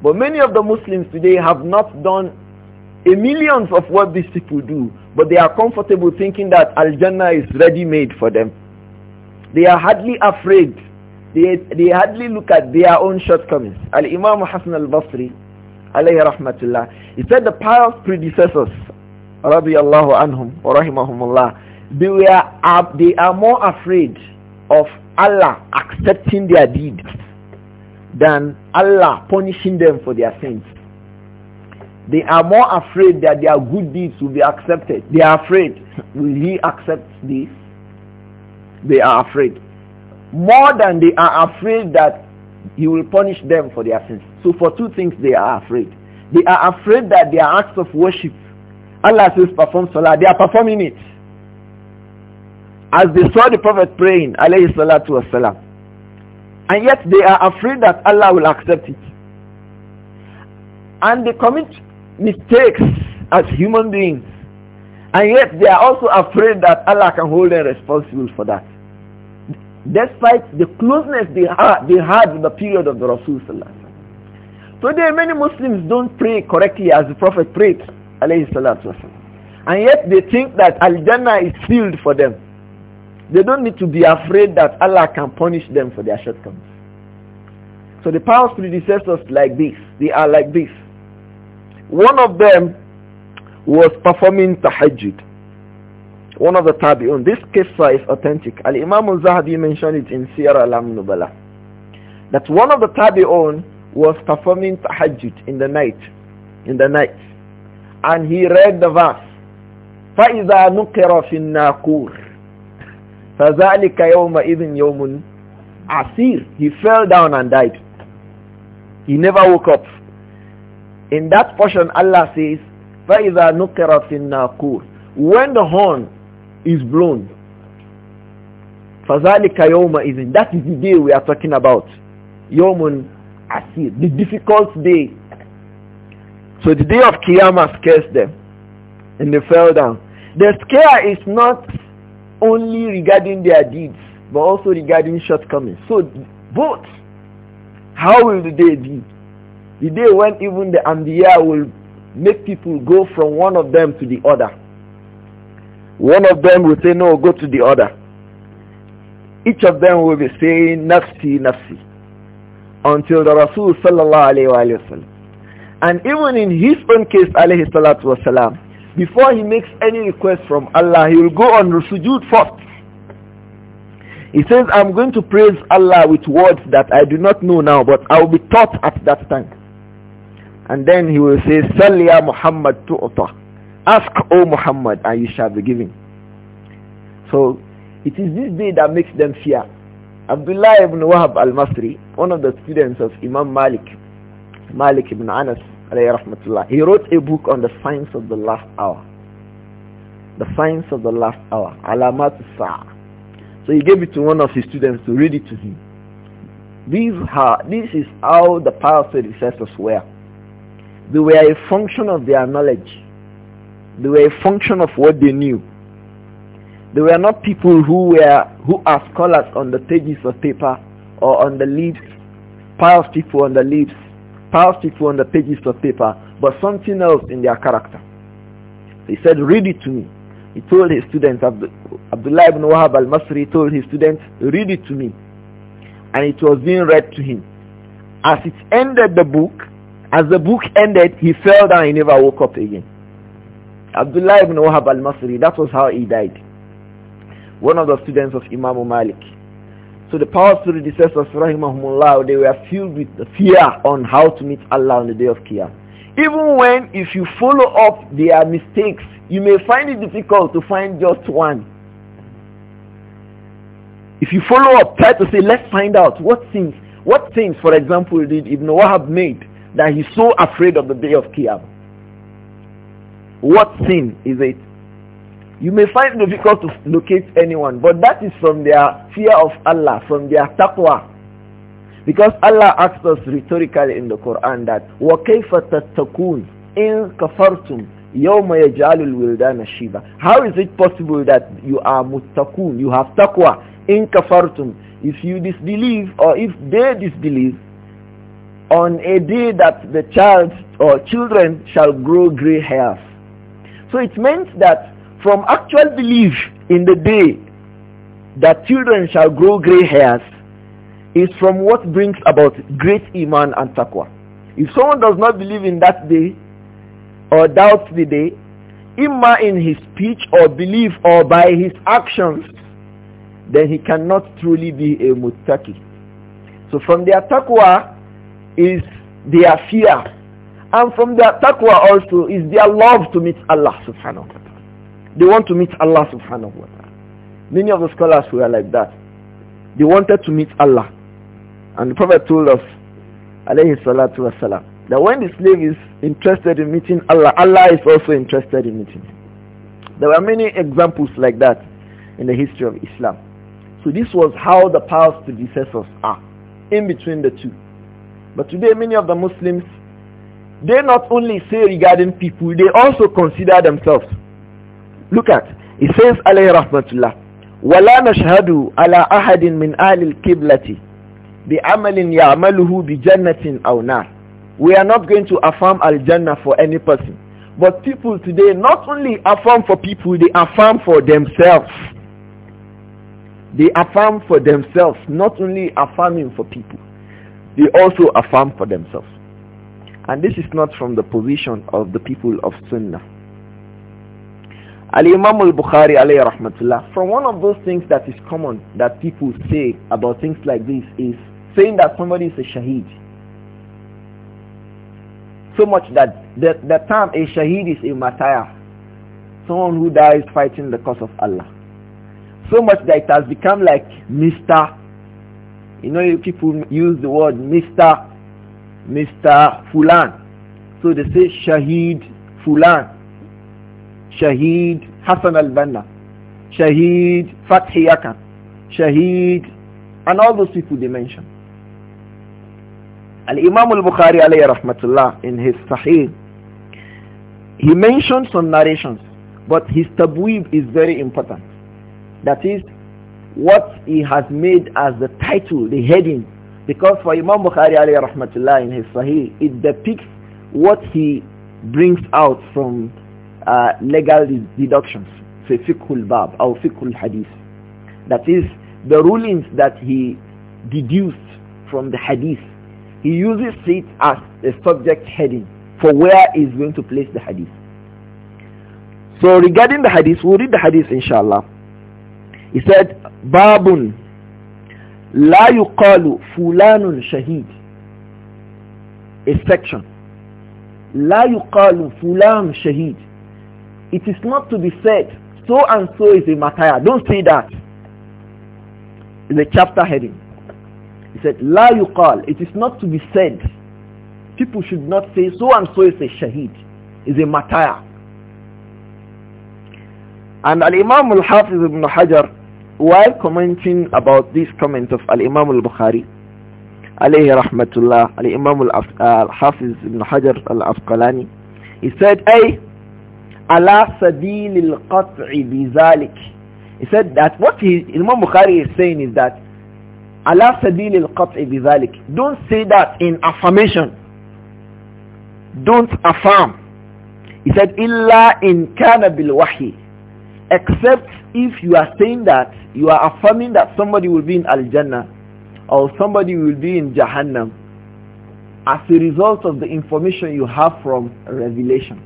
But many of the Muslims today have not done a millions of what these people do, but they are comfortable thinking that Al-Jannah is ready-made for them. They are hardly afraid. They, they hardly look at their own shortcomings. Al-Imam Hassan al-Basri, alayhi rahmatullah, he said the pious predecessors, radiyallahu anhum wa rahimahumullah, they, were, uh, they are more afraid of Allah accepting their deeds than Allah punishing them for their sins. They are more afraid that their good deeds will be accepted. They are afraid, will he accept this? they are afraid. More than they are afraid that he will punish them for their sins. So for two things they are afraid. They are afraid that their acts of worship, Allah says perform salah, they are performing it. As they saw the Prophet praying, alayhi salatu wasalam. And yet they are afraid that Allah will accept it. And they commit mistakes as human beings. And yet they are also afraid that Allah can hold them responsible for that despite the closeness they had, they had in the period of the Rasul Today many Muslims don't pray correctly as the Prophet prayed And yet they think that Al-Jannah is sealed for them. They don't need to be afraid that Allah can punish them for their shortcomings. So the past predecessors like this, they are like this. One of them was performing tahajjud one of the tabi'un. This qissa is authentic. Al-Imam al-Zahabi mentioned it in Siyar al-Amnubala. That one of the tabi'un was performing tahajjud in the night. In the night. And he read the verse. فَإِذَا نُقِرَ فِي النَّاقُورِ [LAUGHS] فَذَلِكَ يَوْمَئِذٍ يَوْمٌ عَسِيرٌ He fell down and died. He never woke up. In that portion Allah says, فَإِذَا نُقِرَ فِي النَّاقُورِ When the horn is blown. فَذَلِكَ يَوْمَئِذٍ That is the day we are talking about. يَوْمٌ Asir, The difficult day. So the day of Qiyamah scares them. And they fell down. The scare is not only regarding their deeds, but also regarding shortcomings. So both. How will the day be? The day when even the Ambiya will make people go from one of them to the other. One of them will say, no, go to the other. Each of them will be saying, nafsi, nafsi. Until the Rasul sallallahu alayhi wa sallam. And even in his own case, alayhi salatu wa salam, before he makes any request from Allah, he will go on sujood first. He says, I'm going to praise Allah with words that I do not know now, but I will be taught at that time. And then he will say, Salli ya Muhammad tu'ta. Ask, O Muhammad, and you shall be given. So it is this day that makes them fear. Abdullah ibn Wahab al-Masri, one of the students of Imam Malik, Malik ibn Anas, rahmatullah, he wrote a book on the signs of the last hour. The signs of the last hour, Alamat Sa'ah. So he gave it to one of his students to read it to him. These are, this is how the powerful predecessors were. They were a function of their knowledge. They were a function of what they knew. They were not people who were who are scholars on the pages of paper or on the leaves, piles people on the leaves, piles people on the pages of paper, but something else in their character. He said, read it to me. He told his students, Abdullah ibn Wahab al-Masri told his students, read it to me. And it was being read to him. As it ended the book, as the book ended, he fell down and never woke up again. Abdullah ibn Wahab al-Masri, that was how he died. One of the students of Imam Malik. So the past predecessors, rahimahumullah, they were filled with the fear on how to meet Allah on the day of Qiyam. Even when, if you follow up their mistakes, you may find it difficult to find just one. If you follow up, try to say, let's find out what things, what things, for example, did Ibn Wahab made that he's so afraid of the day of Qiyam. What sin is it? You may find it difficult to locate anyone, but that is from their fear of Allah, from their taqwa. Because Allah asks us rhetorically in the Quran that وَكَيْفَ تَتَّقُونَ إِن كَفَرْتُمْ يَوْمَ يَجْعَلُ الْوِلْدَانَ شِيبًا How is it possible that you are muttaqun, you have taqwa, in kafartum, if you disbelieve or if they disbelieve, on a day that the child or children shall grow gray hairs. So it meant that from actual belief in the day that children shall grow gray hairs is from what brings about great iman and taqwa. If someone does not believe in that day or doubts the day, imma in his speech or belief or by his actions, then he cannot truly be a muttaqi. So from their taqwa is their fear and from their taqwa also is their love to meet Allah subhanahu wa ta'ala. They want to meet Allah subhanahu wa ta'ala. Many of the scholars were like that. They wanted to meet Allah. And the Prophet told us, alayhi salatu wasalam, that when the slave is interested in meeting Allah, Allah is also interested in meeting him. There were many examples like that in the history of Islam. So this was how the past predecessors are, in between the two. But today many of the Muslims they not only say regarding people, they also consider themselves. Look at, it says, alayhi rahmatullah, وَلَا نَشْهَدُ عَلَىٰ أَحَدٍ مِنْ أَهْلِ الْكِبْلَةِ بِعَمَلٍ يَعْمَلُهُ بِجَنَّةٍ أَوْ نَارٍ We are not going to affirm al-jannah for any person. But people today not only affirm for people, they affirm for themselves. They affirm for themselves, not only affirming for people. They also affirm for themselves. And this is not from the position of the people of Sunnah. Al-Imam al-Bukhari alayhi rahmatullah, from one of those things that is common that people say about things like this is saying that somebody is a shaheed. So much that the, the term a shaheed is a martyr, someone who dies fighting the cause of Allah. So much that it has become like Mr. You know, people use the word Mr. Mr. Fulan. So they say Shahid Fulan. Shahid Hassan al-Banna. Shahid Fathi Yakan. Shahid. And all those people they mention. Al-Imam al-Bukhari alayhi rahmatullah in his Sahih. He mentioned some narrations. But his tabweeb is very important. That is what he has made as the title, the heading because for Imam Bukhari alayhi rahmatullah in his Sahih, it depicts what he brings out from uh, legal deductions, say fiqhul bab or fiqhul hadith. That is the rulings that he deduced from the hadith. He uses it as a subject heading for where he is going to place the hadith. So regarding the hadith, we'll read the hadith inshallah. He said, Babun La yuqalu fulanun shahid. A section. La yuqalu fulan shahid. It is not to be said, so and so is a martyr. Don't say that. In the chapter heading. He said, La yuqal. It is not to be said. People should not say, so and so is a shahid, is a martyr. And Al-Imam Al-Hafiz ibn Hajar while commenting about this comment of Al-Imam al-Bukhari, alayhi rahmatullah, Al-Imam uh, al-Hafiz ibn Hajar al-Afqalani, he said, Ay, ala sadil al-qat'i bizalik. He said that what he, Imam Bukhari is saying is that, ala sadil al-qat'i bizalik. Don't say that in affirmation. Don't affirm. He said, illa in kana bil Except if you are saying that, you are affirming that somebody will be in Al-Jannah or somebody will be in Jahannam as a result of the information you have from revelation.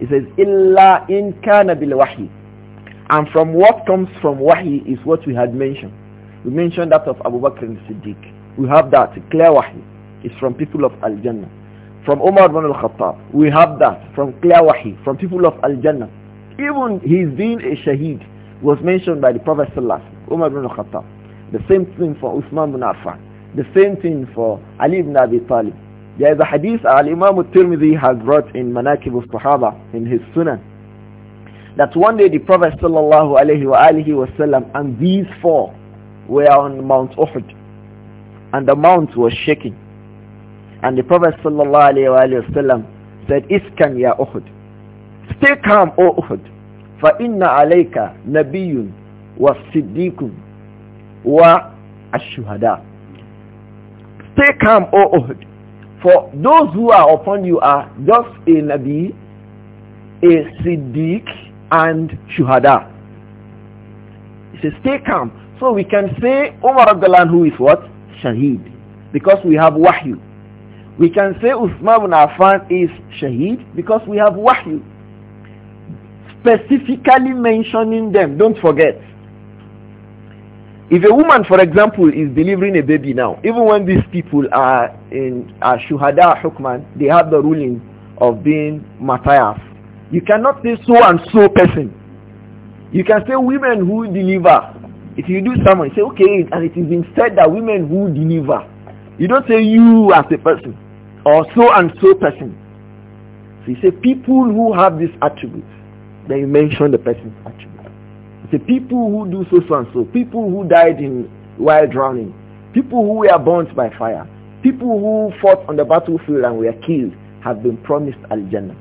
It says, Illa إِن bil Wahi, And from what comes from wahi is what we had mentioned. We mentioned that of Abu Bakr al Siddiq. We have that, clear wahi. is from people of Al-Jannah. From Umar ibn al-Khattab. We have that from clear wahi, from people of Al-Jannah. Even his being a shaheed was mentioned by the Prophet Sallallahu Umar ibn Khattab. The same thing for Uthman ibn Affan. The same thing for Ali ibn Abi Talib. There is a hadith Al-Imam al-Tirmidhi has brought in Manakib al-Sahaba in his Sunan. That one day the Prophet Sallallahu Alaihi Wasallam and these four were on Mount Uhud. And the mount was shaking. And the Prophet Sallallahu Alaihi Wasallam said, Iskan ya Uhud. Stay calm, O Uhud. wa siddiqun wa ash-shuhada. Stay calm, O Uhud. For those who are upon you are just a Nabi, a Siddiq, and Shuhada. He says, stay calm. So we can say Umar Abdullah who is what? Shaheed. Because we have Wahyu. We can say Uthman ibn Affan is Shaheed because we have Wahyu specifically mentioning them. Don't forget. If a woman, for example, is delivering a baby now, even when these people are in uh, shuhada hukman, they have the ruling of being matayaf. You cannot say so and so person. You can say women who deliver. If you do someone, say okay, and it is instead said that women who deliver. You don't say you as a person or so and so person. So you say people who have these attributes. Then you mention the person's attribute. Say people who do so, so and so, people who died in while drowning, people who were burnt by fire, people who fought on the battlefield and were killed have been promised al-Jannah.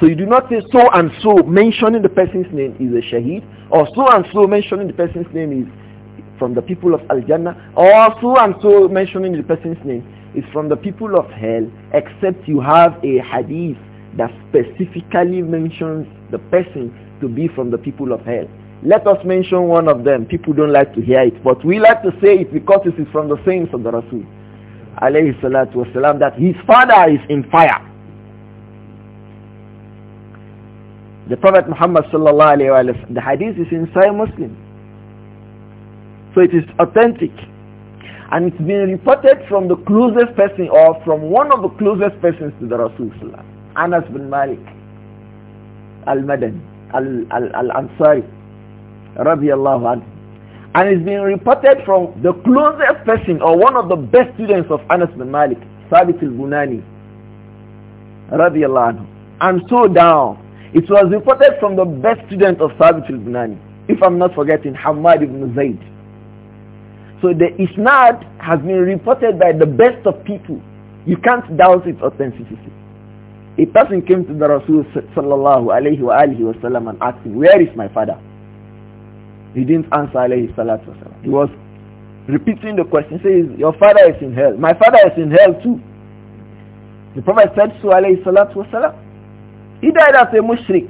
So you do not say so and so mentioning the person's name is a shaheed or so and so mentioning the person's name is from the people of Al-Jannah or so and so mentioning the person's name is from the people of hell except you have a hadith that specifically mentions the person to be from the people of hell. Let us mention one of them. People don't like to hear it, but we like to say it because it is from the sayings of the Rasul. Alayhi salatu wasalam, that his father is in fire. The Prophet Muhammad sallallahu alayhi wa sallam, the hadith is in Sahih Muslim. So it is authentic. And it's been reported from the closest person or from one of the closest persons to the Rasul sallallahu Anas bin Malik al-Madani, al-Ansari, radiallahu anhu. And it's been reported from the closest person or one of the best students of Anas bin Malik, Thabit al-Bunani, radiallahu anhu. And so down. It was reported from the best student of Thabit al-Bunani, if I'm not forgetting, Hamad ibn Zayd. So the Isnad has been reported by the best of people. You can't doubt its authenticity. A person came to the Rasul sallallahu alayhi wa alihi wasallam and asked him, where is my father? He didn't answer alayhi salatu wasallam. He was repeating the question. He says, your father is in hell. My father is in hell too. The Prophet said so alayhi salatu wasallam. He died as a mushrik.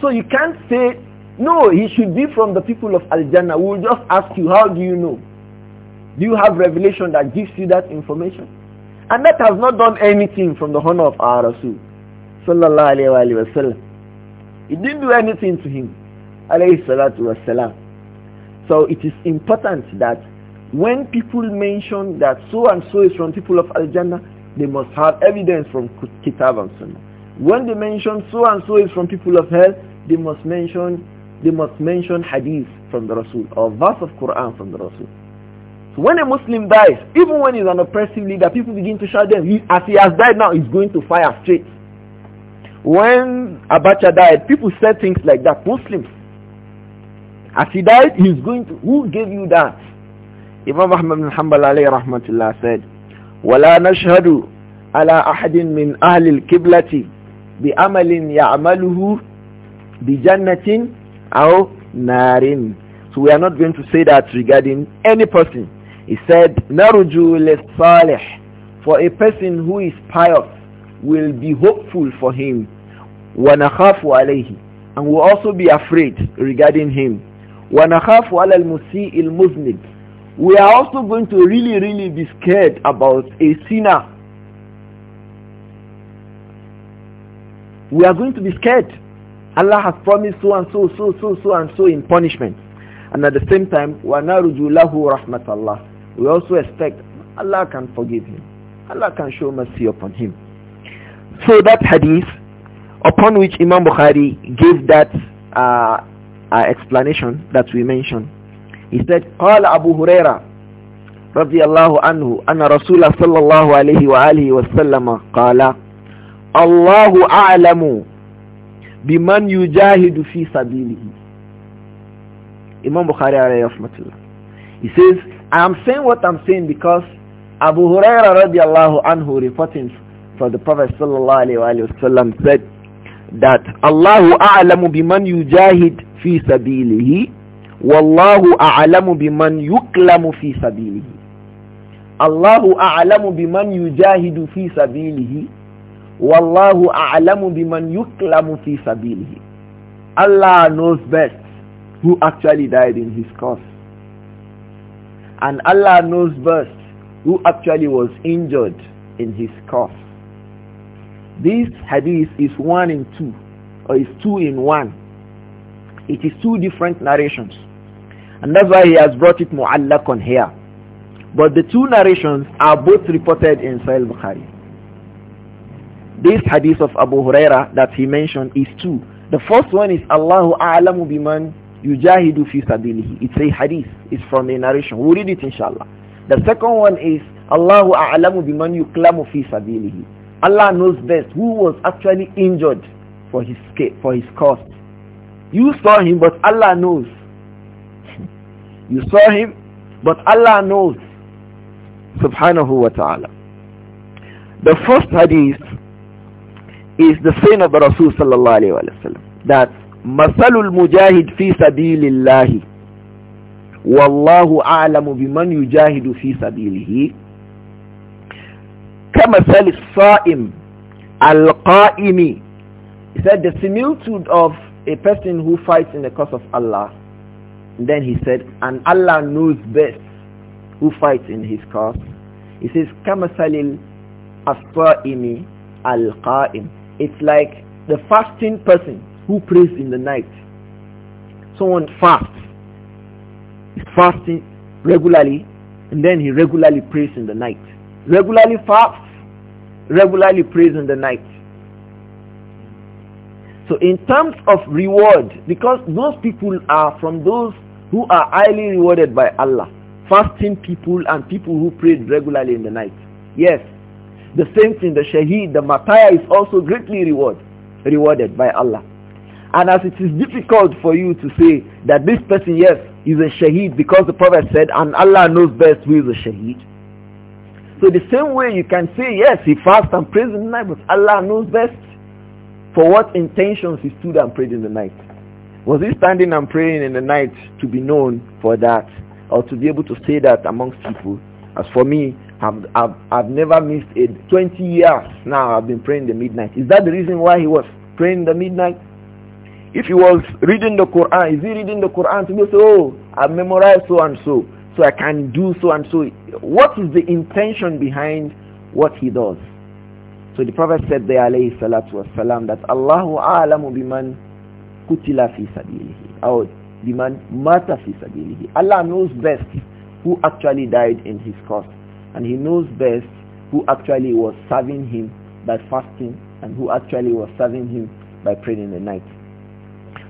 So you can't say, no, he should be from the people of Al-Jannah. We'll just ask you, how do you know? Do you have revelation that gives you that information? And that has not done anything from the honor of our Rasul. Sallallahu alayhi wa sallam. It didn't do anything to him. Alayhi salatu wa sallam. So it is important that when people mention that so and so is from people of Al-Jannah, they must have evidence from Kitab and Sunnah. When they mention so and so is from people of hell, they must mention they must mention hadith from the Rasul or verse of Quran from the Rasul. So when a Muslim dies, even when he's an oppressive leader, people begin to shout them, he, as he has died now, he's going to fire straight. When Abacha died, people said things like that, Muslims. As he died, he's going to, who gave you that? Imam Ahmad bin Hanbal alayhi rahmatullah said, وَلَا نَشْهَدُ عَلَى أَحَدٍ مِّنْ أَهْلِ الْكِبْلَةِ بِأَمَلٍ يَعْمَلُهُ بِجَنَّةٍ أَوْ نَارٍ So we are not going to say that regarding any person he said, Naruju salih. For a person who is pious will be hopeful for him. وَنَخَافُ alayhi, And will also be afraid regarding him. وَنَخَافُ عَلَى il الْمُذْنِبِ We are also going to really, really be scared about a sinner. We are going to be scared. Allah has promised so and so, so, so, so and so in punishment. And at the same time, وَنَرُجُ لَهُ رَحْمَةَ اللَّهِ we also expect Allah can forgive him. Allah can show mercy upon him. So that hadith upon which Imam Bukhari gave that uh, uh, explanation that we mentioned. He said, قال أبو هريرة رضي الله عنه أن رسول صلى الله عليه وآله وسلم قال الله أعلم بمن يجاهد في سبيله Imam Bukhari عليه رحمة الله He says I am saying what I'm saying because Abu Huraira radiallahu anhu reporting from the Prophet sallallahu alayhi wa sallam said that Allahu a'lamu biman yujahid fi sabilihi wallahu a'lamu biman yuklamu fi sabilihi Allahu a'lamu biman yujahidu fi sabilihi wallahu a'lamu biman yuklamu fi sabilihi Allah knows best who actually died in his cause and Allah knows best who actually was injured in his cause. This hadith is one in two, or is two in one. It is two different narrations. And that's why he has brought it mu'allakun here. But the two narrations are both reported in Sahih Bukhari. This hadith of Abu Huraira that he mentioned is two. The first one is Allahu a'lamu biman Yujahidu fi sabilihi. It's a hadith. It's from a narration. We'll read it inshallah. The second one is Allahu a'lamu biman yuklamu fi sabilihi. Allah knows best who was actually injured for his for his cause. You saw him, but Allah knows. [LAUGHS] you saw him, but Allah knows. Subhanahu wa ta'ala. The first hadith is the saying of the Rasul sallallahu alayhi wa sallam that masalul mujahid fi sabilillahi wallahu a'lamu biman yujahidu fi sabilihi كمثل الصائم القائم he said the similitude of a person who fights in the cause of Allah then he said and Allah knows best who fights in his cause he says كمثل الصائم القائم it's like the fasting person who prays in the night. Someone fasts. He's fasting regularly and then he regularly prays in the night. Regularly fasts, regularly prays in the night. So in terms of reward, because those people are from those who are highly rewarded by Allah, fasting people and people who prayed regularly in the night. Yes, the same thing, the shaheed, the martyr is also greatly reward, rewarded by Allah. And as it is difficult for you to say that this person, yes, is a shaheed because the Prophet said, and Allah knows best who is a shaheed. So the same way you can say, yes, he fasted and prayed in the night, but Allah knows best for what intentions he stood and prayed in the night. Was he standing and praying in the night to be known for that or to be able to say that amongst people? As for me, I've, I've, I've never missed it. 20 years now I've been praying the midnight. Is that the reason why he was praying the midnight? If he was reading the Quran, is he reading the Quran to say, oh, I've memorized so and so, so I can do so and so. What is the intention behind what he does? So the Prophet said there, alayhi salatu wasalam, that Allahu a'lamu biman kutila fi sabilihi, or biman mata fi sabilihi. Allah knows best who actually died in his cause, and he knows best who actually was serving him by fasting, and who actually was serving him by praying in the night.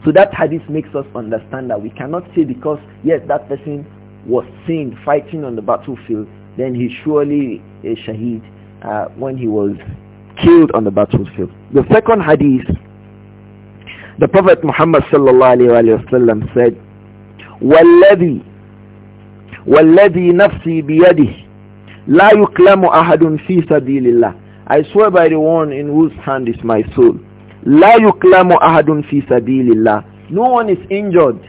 So that hadith makes us understand that we cannot say because, yes, that person was seen fighting on the battlefield, then he's surely a shaheed uh, when he was killed on the battlefield. The second hadith, the Prophet Muhammad sallallahu alaihi wasallam said, وَالَّذِي وَالَّذِي نَفْسِي بِيَدِهِ لَا يُكْلَمُ أَحَدٌ فِي سَبِيلِ اللَّهِ I swear by the one in whose hand is my soul La yuklamu ahadun fi sabilillah. No one is injured.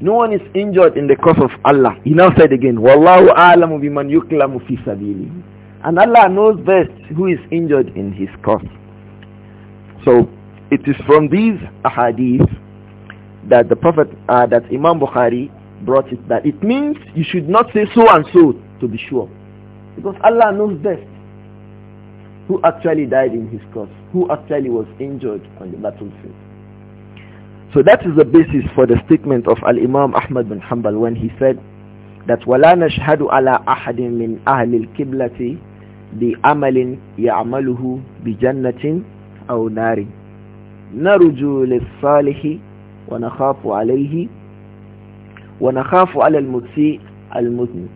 No one is injured in the cause of Allah. He now said again, Wallahu a'lamu biman yuklamu fi sabili. And Allah knows best who is injured in his cause. So it is from these ahadith that the Prophet, uh, that Imam Bukhari brought it that it means you should not say so and so to be sure. Because Allah knows best who actually died in his cross, who actually was injured on the battlefield. So that is the basis for the statement of Al-Imam Ahmad bin Hanbal when he said that وَلَا نَشْهَدُ عَلَىٰ أَحَدٍ مِّنْ أَهْلِ الْكِبْلَةِ بِعَمَلٍ يَعْمَلُهُ بِجَنَّةٍ أَوْ نَارٍ نَرْجُو لِلصَّالِحِ وَنَخَافُ عَلَيْهِ وَنَخَافُ عَلَى Al الْمُذْنِبِ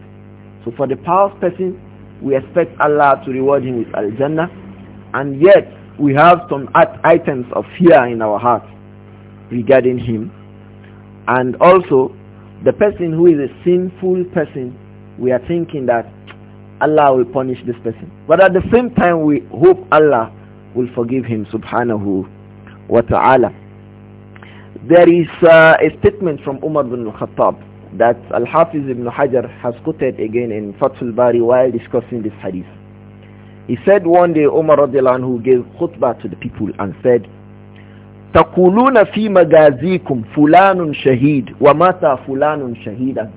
So for the past person, we expect Allah to reward him with Al-Jannah and yet we have some items of fear in our heart regarding him and also the person who is a sinful person we are thinking that Allah will punish this person but at the same time we hope Allah will forgive him subhanahu wa ta'ala there is uh, a statement from Umar bin al-Khattab that Al-Hafiz ibn Hajar has quoted again in Fathul Bari while discussing this hadith. He said one day Umar who gave khutbah to the people and said, تقولون في مغازيكم فلان شهيد ومات فلان شهيدا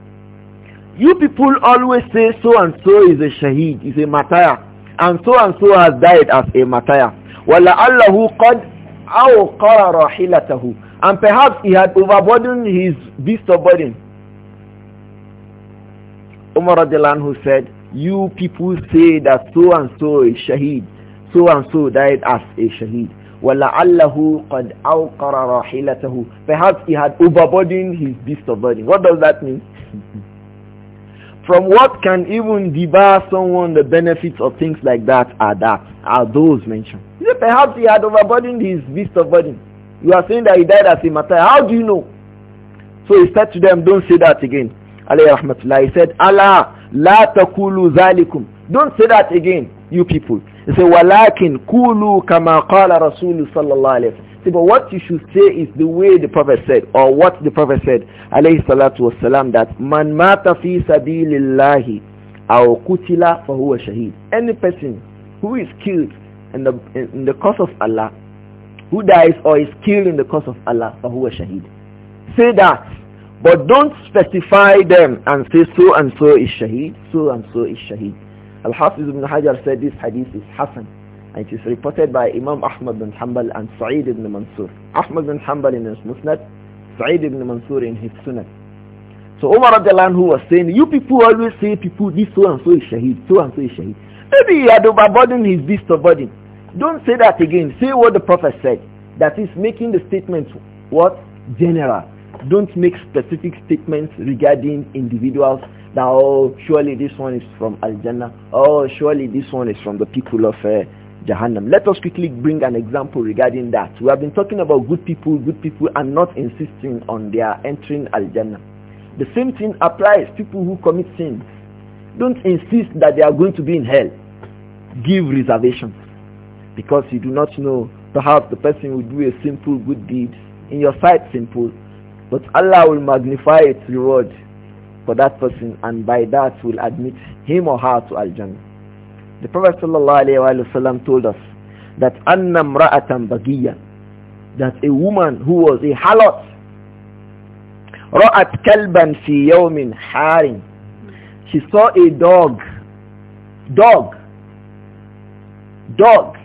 You people always say so and so is a shaheed, is a martyr, and so and so has died as a martyr. وَلَعَلَّهُ قَدْ أَوْقَرَ رَحِلَتَهُ And perhaps he had overburdened his beast of burden Umar Radilan who said, you people say that so and so is shaheed, so and so died as a shaheed. وَلَعَلَّهُ قَدْ أَوْقَرَ رَحِلَتَهُ Perhaps he had overburdened his beast of burden. What does that mean? [LAUGHS] From what can even debar someone the benefits of things like that are that, are those mentioned. He said, perhaps he had overburdened his beast of burden. You are saying that he died as a matter. How do you know? So he said to them, don't say that again alayhi rahmatullah, he said, Allah, la takulu zalikum. Don't say that again, you people. He said, walakin kulu kama qala Rasul sallallahu alayhi See, but what you should say is the way the Prophet said, or what the Prophet said, alayhi salatu wasalam, that man mata fi sabilillahi aw kutila fahuwa shahid Any person who is killed in the, in the cause of Allah, who dies or is killed in the cause of Allah, fahuwa shahid Say that. But don't specify them and say so and so is shaheed, so and so is shaheed. Al-Hafiz ibn Hajar said this hadith is Hassan. And it is reported by Imam Ahmad bin Hanbal and Sa'id ibn Mansur. Ahmad bin Hanbal in his Musnad, Sa'id ibn Mansur in his Sunnah. So Umar who was saying, you people always say people this so and so is shaheed, so and so is shaheed. Maybe he had overburdened his beast of burden. Don't say that again. Say what the Prophet said. That is making the statement what? General. Don't make specific statements regarding individuals that, oh, surely this one is from Al-Jannah. Oh, surely this one is from the people of uh, Jahannam. Let us quickly bring an example regarding that. We have been talking about good people, good people, are not insisting on their entering Al-Jannah. The same thing applies people who commit sins, Don't insist that they are going to be in hell. Give reservations because you do not know. Perhaps the person will do a simple good deed in your sight simple, but Allah will magnify its reward for that person and by that will admit him or her to Al-Jannah. The Prophet ﷺ told us that anna mra'atan bagiya that a woman who was a harlot ra'at kalban fi yawmin harin she saw a dog dog dog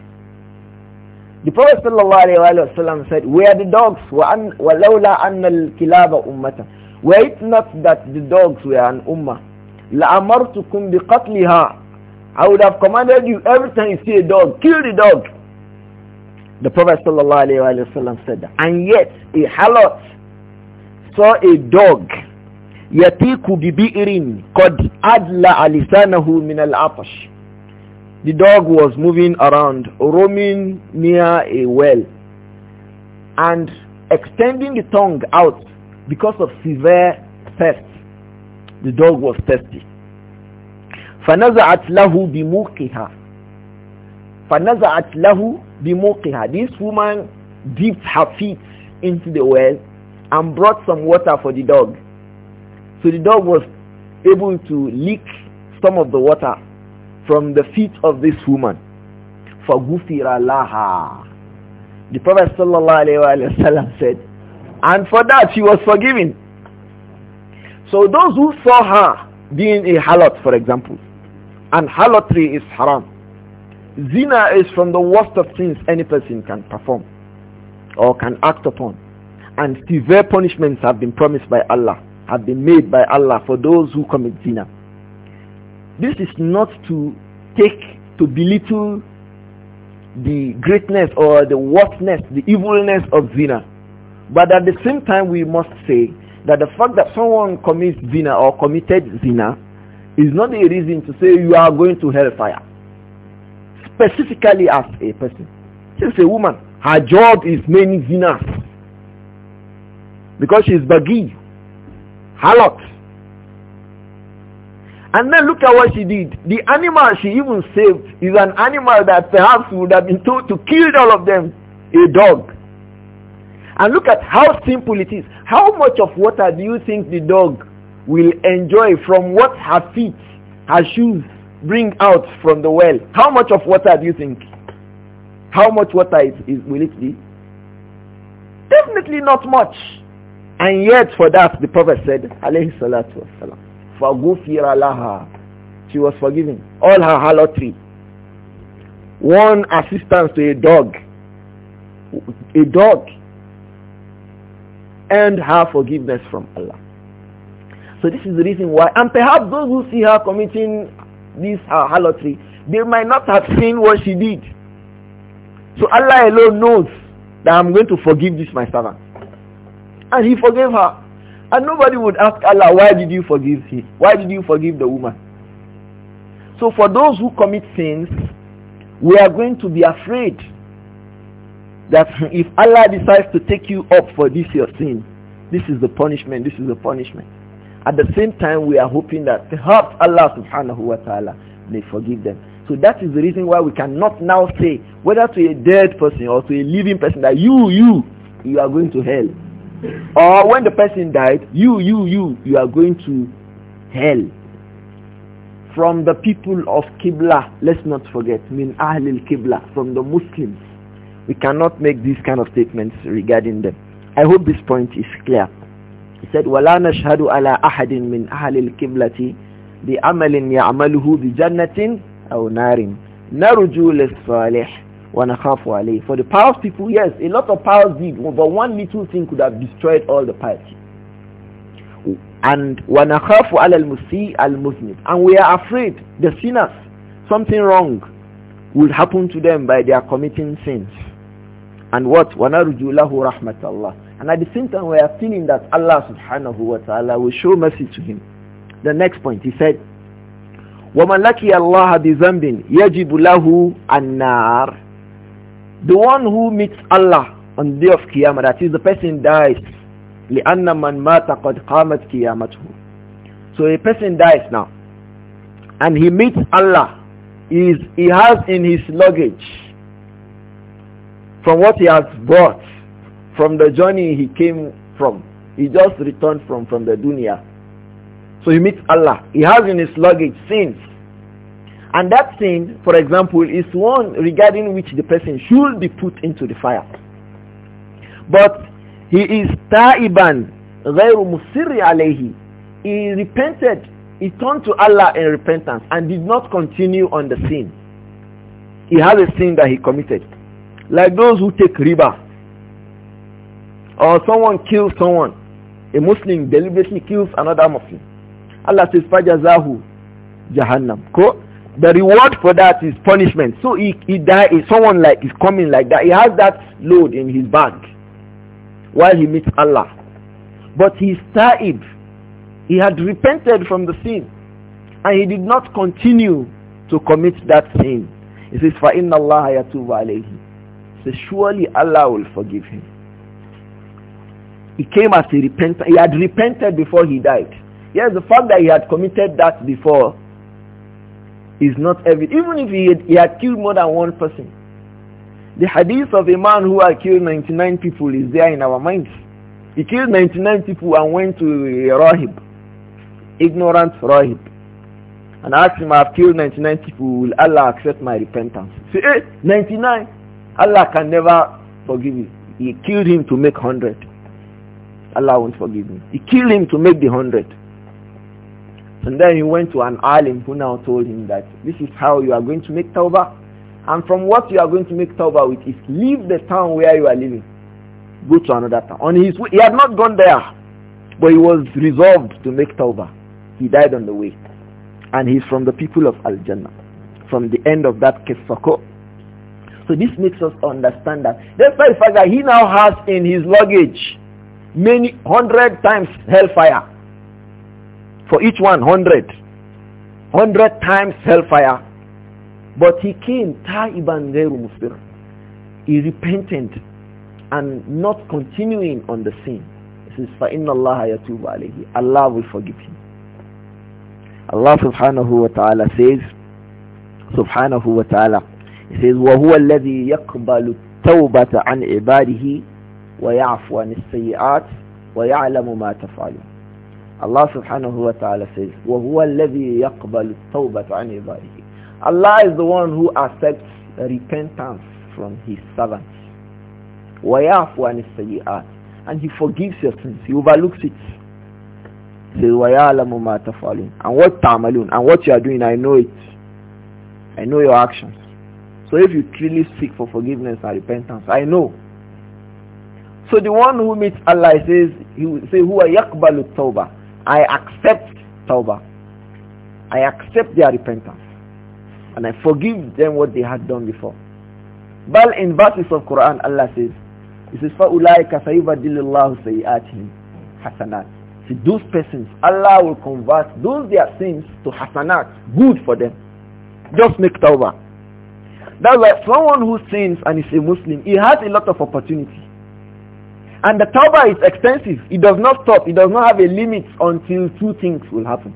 the Prophet ﷺ said, where the dogs were وَلَوْلَا أَنَّ الْكِلَابَ أُمَّةً Were it not that the dogs were an ummah, لَأَمَرْتُكُمْ بِقَتْلِهَا I would have commanded you every time you see a dog, kill the dog. The Prophet ﷺ said that. And yet, a halot saw a dog, يَتِيكُ بِبِئِرٍ قَدْ أَدْلَ عَلِسَانَهُ مِنَ الْعَطَشِ the dog was moving around, roaming near a well and extending the tongue out because of severe thirst. The dog was thirsty. فَنَزَعَتْ لَهُ بِمُوقِهَا فَنَزَعَتْ لَهُ بِمُوقِهَا This woman dipped her feet into the well and brought some water for the dog. So the dog was able to lick some of the water from the feet of this woman. فَغُفِرَ لَهَا The Prophet ﷺ said, and for that she was forgiven. So those who saw her being a harlot, for example, and harlotry is haram. Zina is from the worst of things any person can perform or can act upon. And severe punishments have been promised by Allah, have been made by Allah for those who commit zina. This is not to take, to belittle the greatness or the worthness, the evilness of zina. But at the same time, we must say that the fact that someone commits zina or committed zina is not a reason to say you are going to hellfire. Specifically as a person. Since a woman, her job is many zinas Because she is bagi, harlot. And then look at what she did. The animal she even saved is an animal that perhaps would have been told to kill all of them, a dog. And look at how simple it is. How much of water do you think the dog will enjoy from what her feet, her shoes bring out from the well? How much of water do you think? How much water is, is, will it be? Definitely not much. And yet for that the Prophet said, alayhi salatu wasalam, Fagufira laha. She was forgiven. All her halotry. One assistance to a dog. A dog. And her forgiveness from Allah. So this is the reason why. And perhaps those who see her committing this her halotry, they might not have seen what she did. So Allah alone knows that I'm going to forgive this my servant. And he forgave her. And nobody would ask Allah, why did you forgive him? Why did you forgive the woman? So for those who commit sins, we are going to be afraid that if Allah decides to take you up for this your sin, this is the punishment, this is the punishment. At the same time, we are hoping that perhaps Allah subhanahu wa ta'ala may forgive them. So that is the reason why we cannot now say, whether to a dead person or to a living person, that you, you, you are going to hell. Or when the person died, you, you, you, you are going to hell. From the people of Qibla, let's not forget, min ahlil Qibla, from the Muslims. We cannot make these kind of statements regarding them. I hope this point is clear. He said, ala ahadin min عَلَىٰ أَحَدٍ مِّنْ أَهْلِ الْكِبْلَةِ بِعَمَلٍ يَعْمَلُهُ بِجَنَّةٍ أَوْ نَارٍ نَرْجُو لِلصَّالِحِ Wanakafu عَلَيْهِ For the pious people, yes, a lot of pious did, but one little thing could have destroyed all the piety. And al musi al الْمُذْنِبِ And we are afraid, the sinners, something wrong will happen to them by their committing sins. And what? وَنَرْجُ لَهُ رَحْمَةَ And at the same time, we are feeling that Allah subhanahu wa ta'ala will show mercy to him. The next point, he said, وَمَنْ لَكِيَ اللَّهَ بِذَنْبٍ يَجِبُ لَهُ النَّارِ the one who meets Allah on the day of Qiyamah, that is the person dies. لِأَنَّ مَنْ مَاتَ قَدْ قَامَتْ قِيَامَتْهُ So a person dies now and he meets Allah is he has in his luggage from what he has brought from the journey he came from. He just returned from, from the dunya. So he meets Allah. He has in his luggage sins and that sin, for example, is one regarding which the person should be put into the fire. But he is ta'iban, غير musiri alayhi. He repented, he turned to Allah in repentance and did not continue on the sin. He has a sin that he committed. Like those who take riba. Or someone kills someone. A Muslim deliberately kills another Muslim. Allah says, فَجَزَاهُ جَهَنَّمْ the reward for that is punishment. So he, he die, if someone like is coming like that, he has that load in his bag while he meets Allah. But he started, he had repented from the sin and he did not continue to commit that sin. He says, فَإِنَّ اللَّهَ يَتُوبُ عَلَيْهِ He says, surely Allah will forgive him. He came as a repentant. He had repented before he died. Yes, the fact that he had committed that before is not evidence. Even if he had, he had killed more than one person, the hadith of a man who had killed 99 people is there in our minds. He killed 99 people and went to a rahib, ignorant rahib, and asked him, I've killed 99 people, will Allah accept my repentance? Say, eh, 99? Allah can never forgive you. He killed him to make 100. Allah won't forgive me. He killed him to make the 100. And then he went to an alim who now told him that this is how you are going to make tawbah. And from what you are going to make tawbah with is leave the town where you are living. Go to another town. On his way, he had not gone there, but he was resolved to make tawbah. He died on the way. And he's from the people of Al-Jannah, from the end of that Kesako. So this makes us understand that despite the fact that he now has in his luggage many hundred times hellfire, for each one, hundred. Hundred times hellfire. But he came ta'iban ghairu He repented and not continuing on the sin. This is for اللَّهَ Allah عَلَيْهِ Allah will forgive him. Allah subhanahu wa ta'ala says, subhanahu wa ta'ala, he says, وَهُوَ الَّذِي يَقْبَلُ التَّوْبَةَ عَنْ عِبَادِهِ وَيَعْفُ عَنِ السَّيِّئَاتِ وَيَعْلَمُ مَا تَفْعَلُونَ Allah subhanahu wa ta'ala says, وَهُوَ الَّذِي يَقْبَلُ التَّوْبَةَ عَنْ عِبَادِهِ Allah is the one who accepts repentance from his servants. وَيَعْفُ عَنِ السَّيِّئَاتِ And he forgives your sins. He overlooks it. He says, مَا تَفْعَلُونَ And what تَعْمَلُونَ And what you are doing, I know it. I know your actions. So if you truly seek for forgiveness and repentance, I know. So the one who meets Allah says, he will say, هُوَ يَقْبَلُ التَّوْبَةِ I accept tawbah. I accept their repentance. And I forgive them what they had done before. But in verses of Quran, Allah says, He says, فَأُولَٰئِكَ سَيُبَدِّلِ اللَّهُ سَيِّئَاتِهِمْ حَسَنَاتٍ See, those persons, Allah will convert those their sins to hasanat, good for them. Just make tawbah. That's why someone who sins and is a Muslim, he has a lot of opportunities. And the tawbah is extensive. It does not stop. It does not have a limit until two things will happen.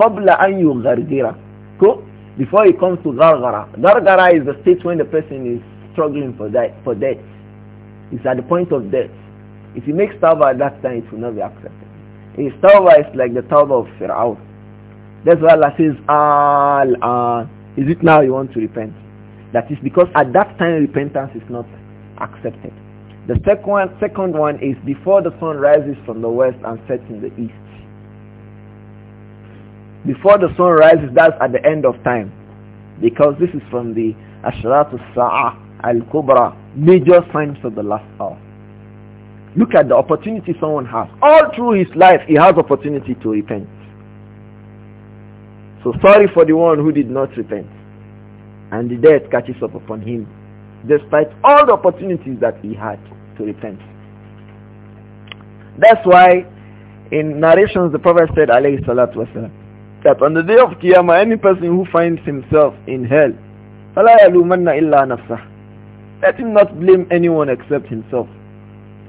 قَبْلَ أَنْ يُغَرْغِرَ Before it comes to gargara. Gargara is the state when the person is struggling for, for death. It's at the point of death. If he makes tawbah at that time, it will not be accepted. His tawbah is like the tawbah of Fir'aun. That's why Allah says, Al-An. Is it now you want to repent? That is because at that time repentance is not accepted. The second one is before the sun rises from the west and sets in the east. Before the sun rises, that's at the end of time. Because this is from the Ashrat saah al-Kubra, major signs of the last hour. Look at the opportunity someone has. All through his life, he has opportunity to repent. So sorry for the one who did not repent. And the death catches up upon him despite all the opportunities that he had to repent. That's why in narrations the Prophet said alayhi salatu wasalam that on the day of Qiyamah any person who finds himself in hell فَلَا يَلُومَنَّ إِلَّا نَفْسَهُ let him not blame anyone except himself.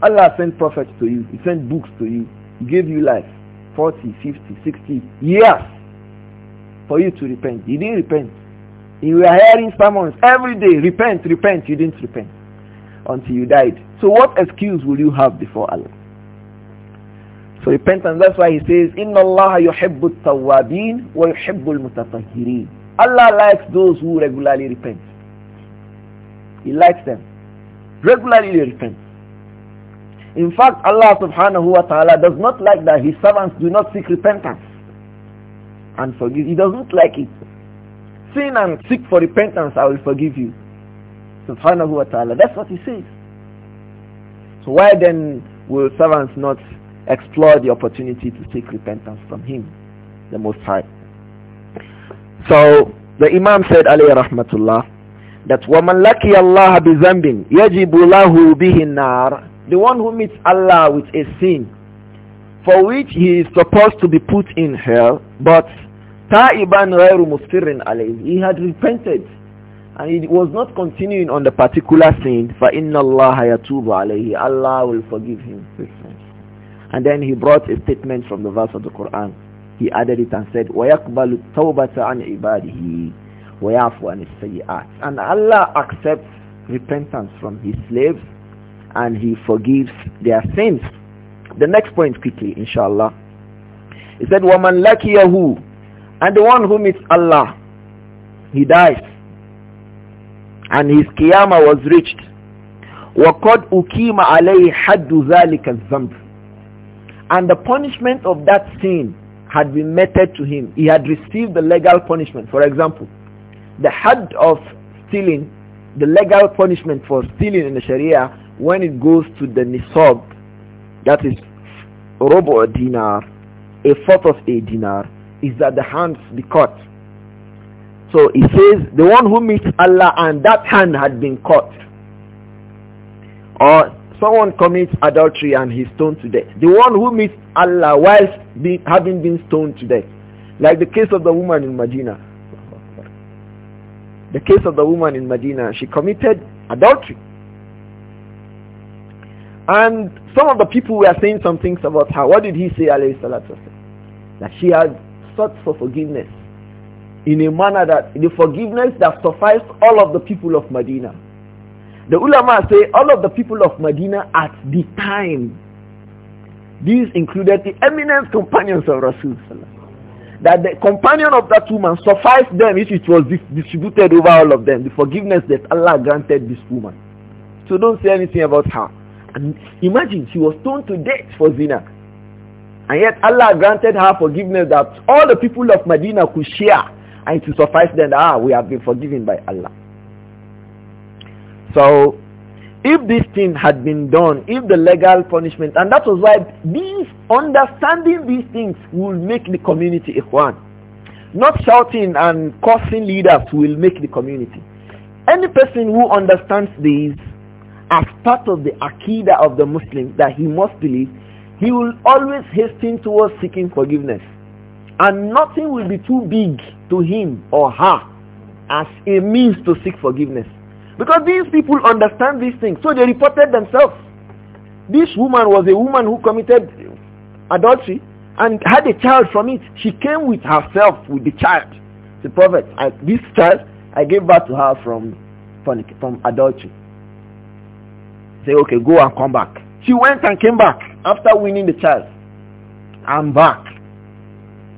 Allah sent prophets to you. He sent books to you. He gave you life. 40, 50, 60 years for you to repent. He didn't repent. You were hearing sermons every day. Repent, repent. You didn't repent until you died. So what excuse will you have before Allah? So repentance, that's why he says, إِنَّ اللَّهَ يُحِبُّ التَّوَّابِينَ وَيُحِبُّ الْمُتَطَهِّرِينَ Allah likes those who regularly repent. He likes them. Regularly repent. In fact, Allah subhanahu wa ta'ala does not like that his servants do not seek repentance and forgive. He doesn't like it sin and seek for repentance, I will forgive you. Subhanahu wa ta'ala. That's what he says. So why then will servants not explore the opportunity to seek repentance from him, the Most High? So the Imam said, alayhi rahmatullah, that وَمَنْ لَكِيَ اللَّهَ بِذَنْبٍ يَجِبُ لَهُ بِهِ النَّارِ The one who meets Allah with a sin for which he is supposed to be put in hell, but Ta'iban Rairu Mustirin alayhi. He had repented and he was not continuing on the particular sin. فَإِنَّ اللَّهَ يَتُوبُ عَلَيْهِ Allah will forgive him. And then he brought a statement from the verse of the Quran. He added it and said, وَيَقْبَلُ التَّوْبَةَ an عِبَادِهِ wa عَنِ السَّيِّئَاتِ And Allah accepts repentance from his slaves and he forgives their sins. The next point quickly, inshallah. He said, وَمَنْ لَكِيَهُ and the one who meets Allah, he dies. And his qiyamah was reached. وَقَدْ أُكِيمَ عَلَيْهِ حَدُّ ذَلِكَ And the punishment of that sin had been meted to him. He had received the legal punishment. For example, the had of stealing, the legal punishment for stealing in the Sharia, when it goes to the nisab, that is robo dinar, a fourth of a dinar, is that the hands be cut. So he says, the one who meets Allah and that hand had been cut. Or someone commits adultery and he's stoned to death. The one who meets Allah whilst be, having been stoned to death. Like the case of the woman in Medina. The case of the woman in Medina, she committed adultery. And some of the people were saying some things about her. What did he say, alayhi salatu That she had sought for forgiveness in a manner that the forgiveness that sufficed all of the people of Medina. The ulama say all of the people of Medina at the time, these included the eminent companions of Rasul that the companion of that woman sufficed them if it was distributed over all of them, the forgiveness that Allah granted this woman. So don't say anything about her. And imagine she was stoned to death for zina. And yet Allah granted her forgiveness that all the people of Medina could share and to suffice them that, ah, we have been forgiven by Allah. So if this thing had been done, if the legal punishment, and that was why these understanding these things will make the community ikhwan. Not shouting and cursing leaders will make the community. Any person who understands these as part of the akida of the Muslims that he must believe, he will always hasten towards seeking forgiveness. And nothing will be too big to him or her as a means to seek forgiveness. Because these people understand these things. So they reported themselves. This woman was a woman who committed adultery and had a child from it. She came with herself, with the child. The prophet, I, this child, I gave birth to her from, from adultery. Say, okay, go and come back. She went and came back. After winning the child, I'm back.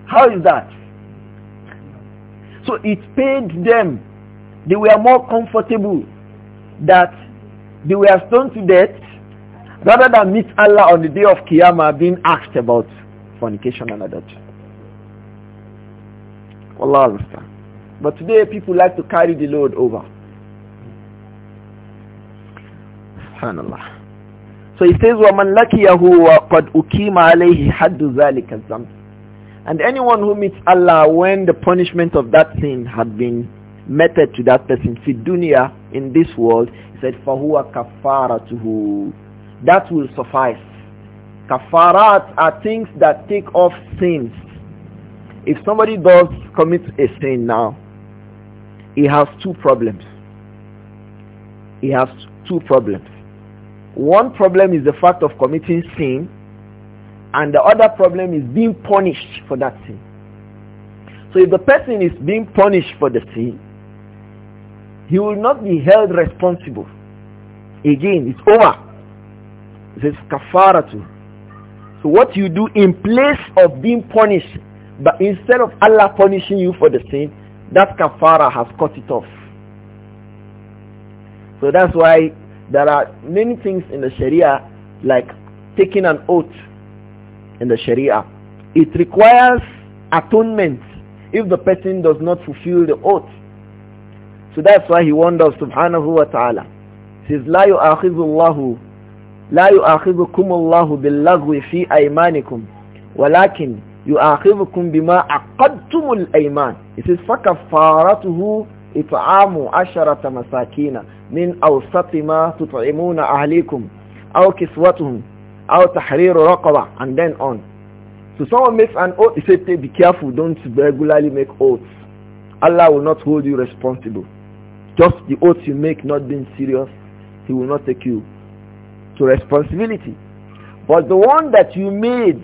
How is that? So it paid them. They were more comfortable that they were stoned to death rather than meet Allah on the day of Qiyamah being asked about fornication and adultery. Allah understand. But today people like to carry the load over. SubhanAllah. So he says, وَمَنْ لَكِيَهُ وَقَدْ أُكِيمَ alayhi حَدُّ ذَلِكَ And anyone who meets Allah when the punishment of that sin had been meted to that person, في dunya, in this world, he said, فَهُوَ كَفَّارَتُهُ That will suffice. Kafarat are things that take off sins. If somebody does commit a sin now, he has two problems. He has two problems. One problem is the fact of committing sin, and the other problem is being punished for that sin. So if the person is being punished for the sin, he will not be held responsible. Again, it's over. It's kafaratu. So what you do in place of being punished, but instead of Allah punishing you for the sin, that kafara has cut it off. So that's why there are many things in the Sharia like taking an oath in the Sharia. It requires atonement if the person does not fulfill the oath. So that's why he warned us subhanahu wa ta'ala. He says, لا يؤاخذ الله لا يؤاخذكم الله باللغو في أيمانكم ولكن يؤاخذكم بما عقدتم الأيمان. He says, فكفارته إطعام عشرة مساكين Min أوسط ما تطعمون ahlikum aw كسوتهم aw تحرير رقبة and then on so someone makes an oath he said be careful don't regularly make oaths Allah will not hold you responsible just the oath you make not being serious he will not take you to responsibility but the one that you made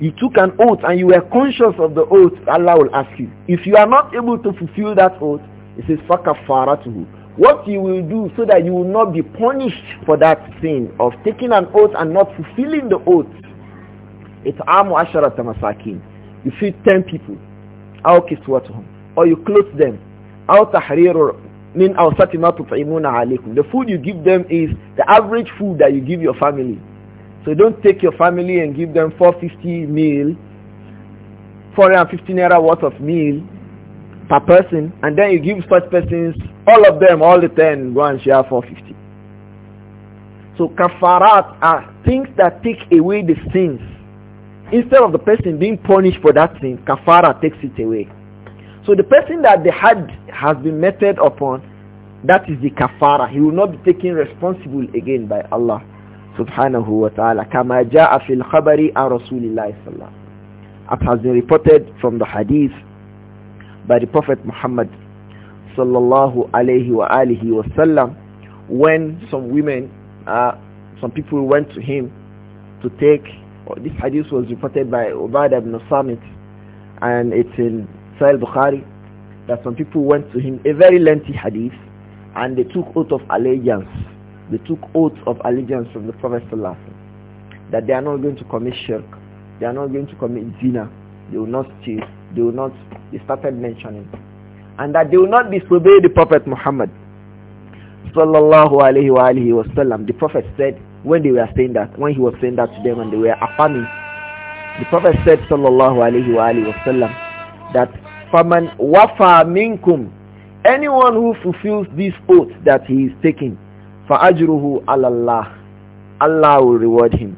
you took an oath and you were conscious of the oath Allah will ask you if you are not able to fulfill that oath it says fakaffaratuhu what you will do so that you will not be punished for that sin of taking an oath and not fulfilling the oath. It's amu asharata masakin. You feed 10 people. Aw kiswatuhum. Or you close them. Aw tahriru min awsati ma tut'imuna alaykum. The food you give them is the average food that you give your family. So don't take your family and give them 450 meal, 450 naira worth of meal per person and then you give first persons all of them all the ten go and share 450 so kafarat are things that take away the sins instead of the person being punished for that sin kafara takes it away so the person that the had has been meted upon that is the kafara he will not be taken responsible again by Allah subhanahu wa ta'ala kama jaa fil khabari an rasulillahi sallallahu as has been reported from the hadith by the Prophet Muhammad sallallahu alayhi wa alihi wasallam when some women, uh, some people went to him to take, this hadith was reported by Ubadah ibn Samit and it's in Sahih Bukhari that some people went to him, a very lengthy hadith and they took oath of allegiance. They took oath of allegiance from the Prophet sallallahu that they are not going to commit shirk, they are not going to commit zina, they will not cheat. They will not, They started mentioning. And that they will not disobey the Prophet Muhammad. Sallallahu alayhi wa alayhi wa sallam. The Prophet said, when they were saying that, when he was saying that to them and they were affirming, the Prophet said, sallallahu alayhi wa alayhi wa sallam, that فَمَنْ وَفَى مِنْكُمْ Anyone who fulfills this oath that he is taking, فَأَجْرُهُ عَلَى اللَّهِ Allah will reward him.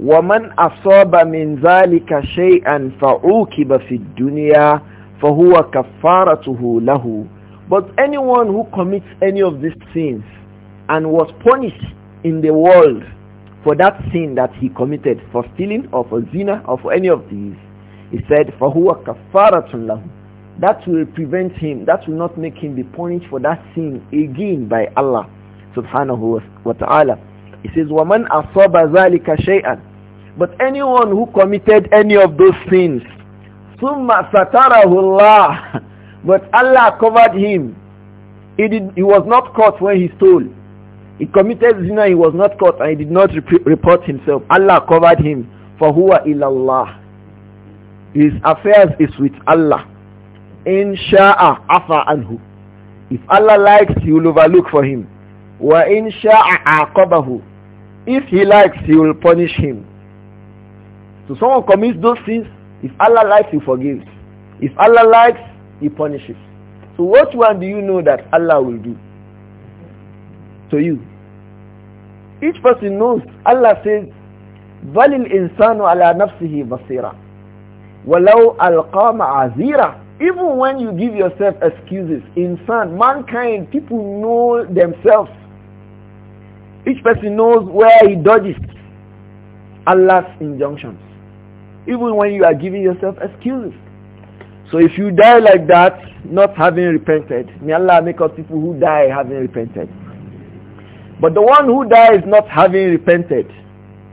وَمَنْ أَصَابَ مِنْ ذَلِكَ شَيْئًا فَعُوكِبَ فِي الدُّنْيَا فَهُوَ كَفَّارَتُهُ لَهُ But anyone who commits any of these sins and was punished in the world for that sin that he committed, for stealing or for zina or for any of these, he said, فَهُوَ كَفَّارَةٌ لَهُ That will prevent him, that will not make him be punished for that sin again by Allah subhanahu wa ta'ala. He says, وَمَنْ أَصَابَ ذَلِكَ شَيْئًا but anyone who committed any of those sins, ثُمَّ سَتَرَهُ اللَّهُ But Allah covered him. He, did, he was not caught when he stole. He committed zina, he was not caught and he did not rep report himself. Allah covered him. For whoa إِلَى His affairs is with Allah. إِنْ شَاءَ عَفَى عَنْهُ If Allah likes, He will overlook for him. وَإِنْ شَاءَ عَاقَبَهُ If He likes, He will punish him. So someone commits those sins, if Allah likes, he forgives. If Allah likes, he punishes. So what one do you know that Allah will do to you? Each person knows. Allah says, "Valil insanu ala nafsihi basira, وَلَوْ alqama azira." Even when you give yourself excuses, insan, mankind, people know themselves. Each person knows where he dodges Allah's injunctions even when you are giving yourself excuses. So if you die like that, not having repented, may Allah make us people who die having repented. But the one who dies not having repented,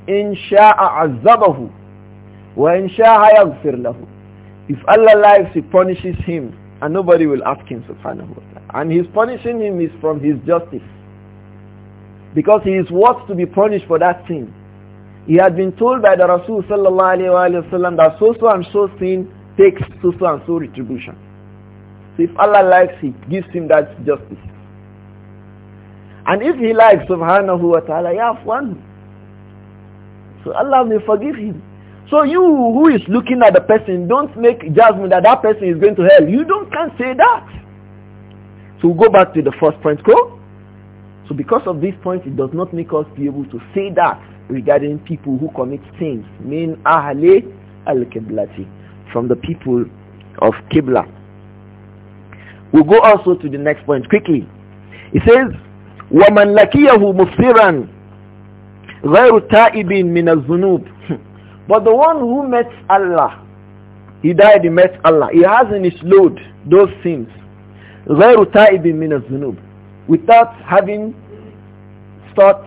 Insha'Allah azabahu wa in yaghfir lahu. If Allah lives, He punishes him and nobody will ask him subhanahu wa ta'ala. And His punishing him is from His justice. Because He is worth to be punished for that sin. He had been told by the Rasul wasallam that so so and so sin takes so so and so retribution. So if Allah likes, He gives him that justice. And if He likes, subhanahu wa ta'ala, one. So Allah will forgive him. So you who is looking at the person, don't make judgment that that person is going to hell. You don't can't say that. So we'll go back to the first point. Go. So because of this point, it does not make us be able to say that regarding people who commit sins min ahli al-qiblati from the people of Qibla. We'll go also to the next point quickly. It says وَمَنْ لَكِيَهُ مُفْسِرًا غَيْرُ تَائِبٍ مِنَ الذُّنُوبِ But the one who met Allah, he died, he met Allah. He has in his load those sins. غَيْرُ تَائِبٍ مِنَ الذُّنُوبِ Without having sought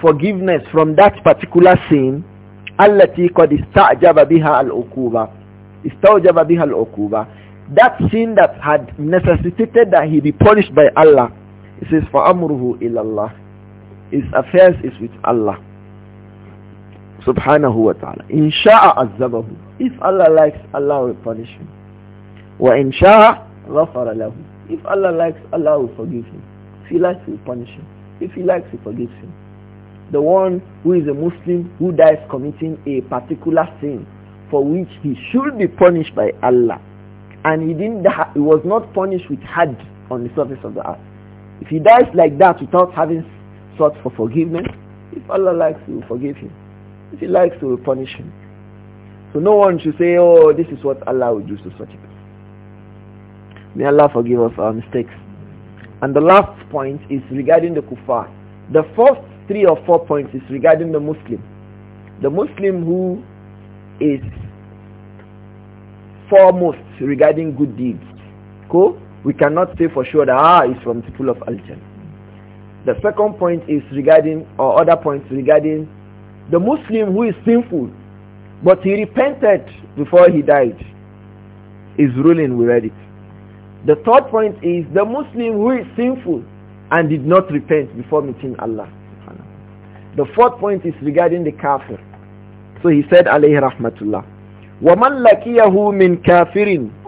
forgiveness from that particular sin التي biha al بها العقوبة biha al العقوبة that sin that had necessitated that he be punished by Allah it says فأمره إلى Allah his affairs is with Allah subhanahu wa ta'ala إن شاء عذبه if Allah likes Allah will punish him Wa شاء غفر له if Allah likes Allah will forgive him if he likes he will punish him if he likes he forgives him the one who is a Muslim who dies committing a particular sin for which he should be punished by Allah. And he didn't he was not punished with had on the surface of the earth. If he dies like that without having sought for forgiveness, if Allah likes he will forgive him. If he likes he will punish him. So no one should say, Oh, this is what Allah will do to such a person. May Allah forgive us our mistakes. And the last point is regarding the kuffar. The first three or four points is regarding the Muslim. The Muslim who is foremost regarding good deeds. Cool? We cannot say for sure that ah is from the pool of al The second point is regarding or other points regarding the Muslim who is sinful but he repented before he died is ruling we read it. The third point is the Muslim who is sinful and did not repent before meeting Allah. The fourth point is regarding the kafir. So he said alayhi rahmatullah. وَمَنْ لَكِيَهُ مِنْ كَافِرٍ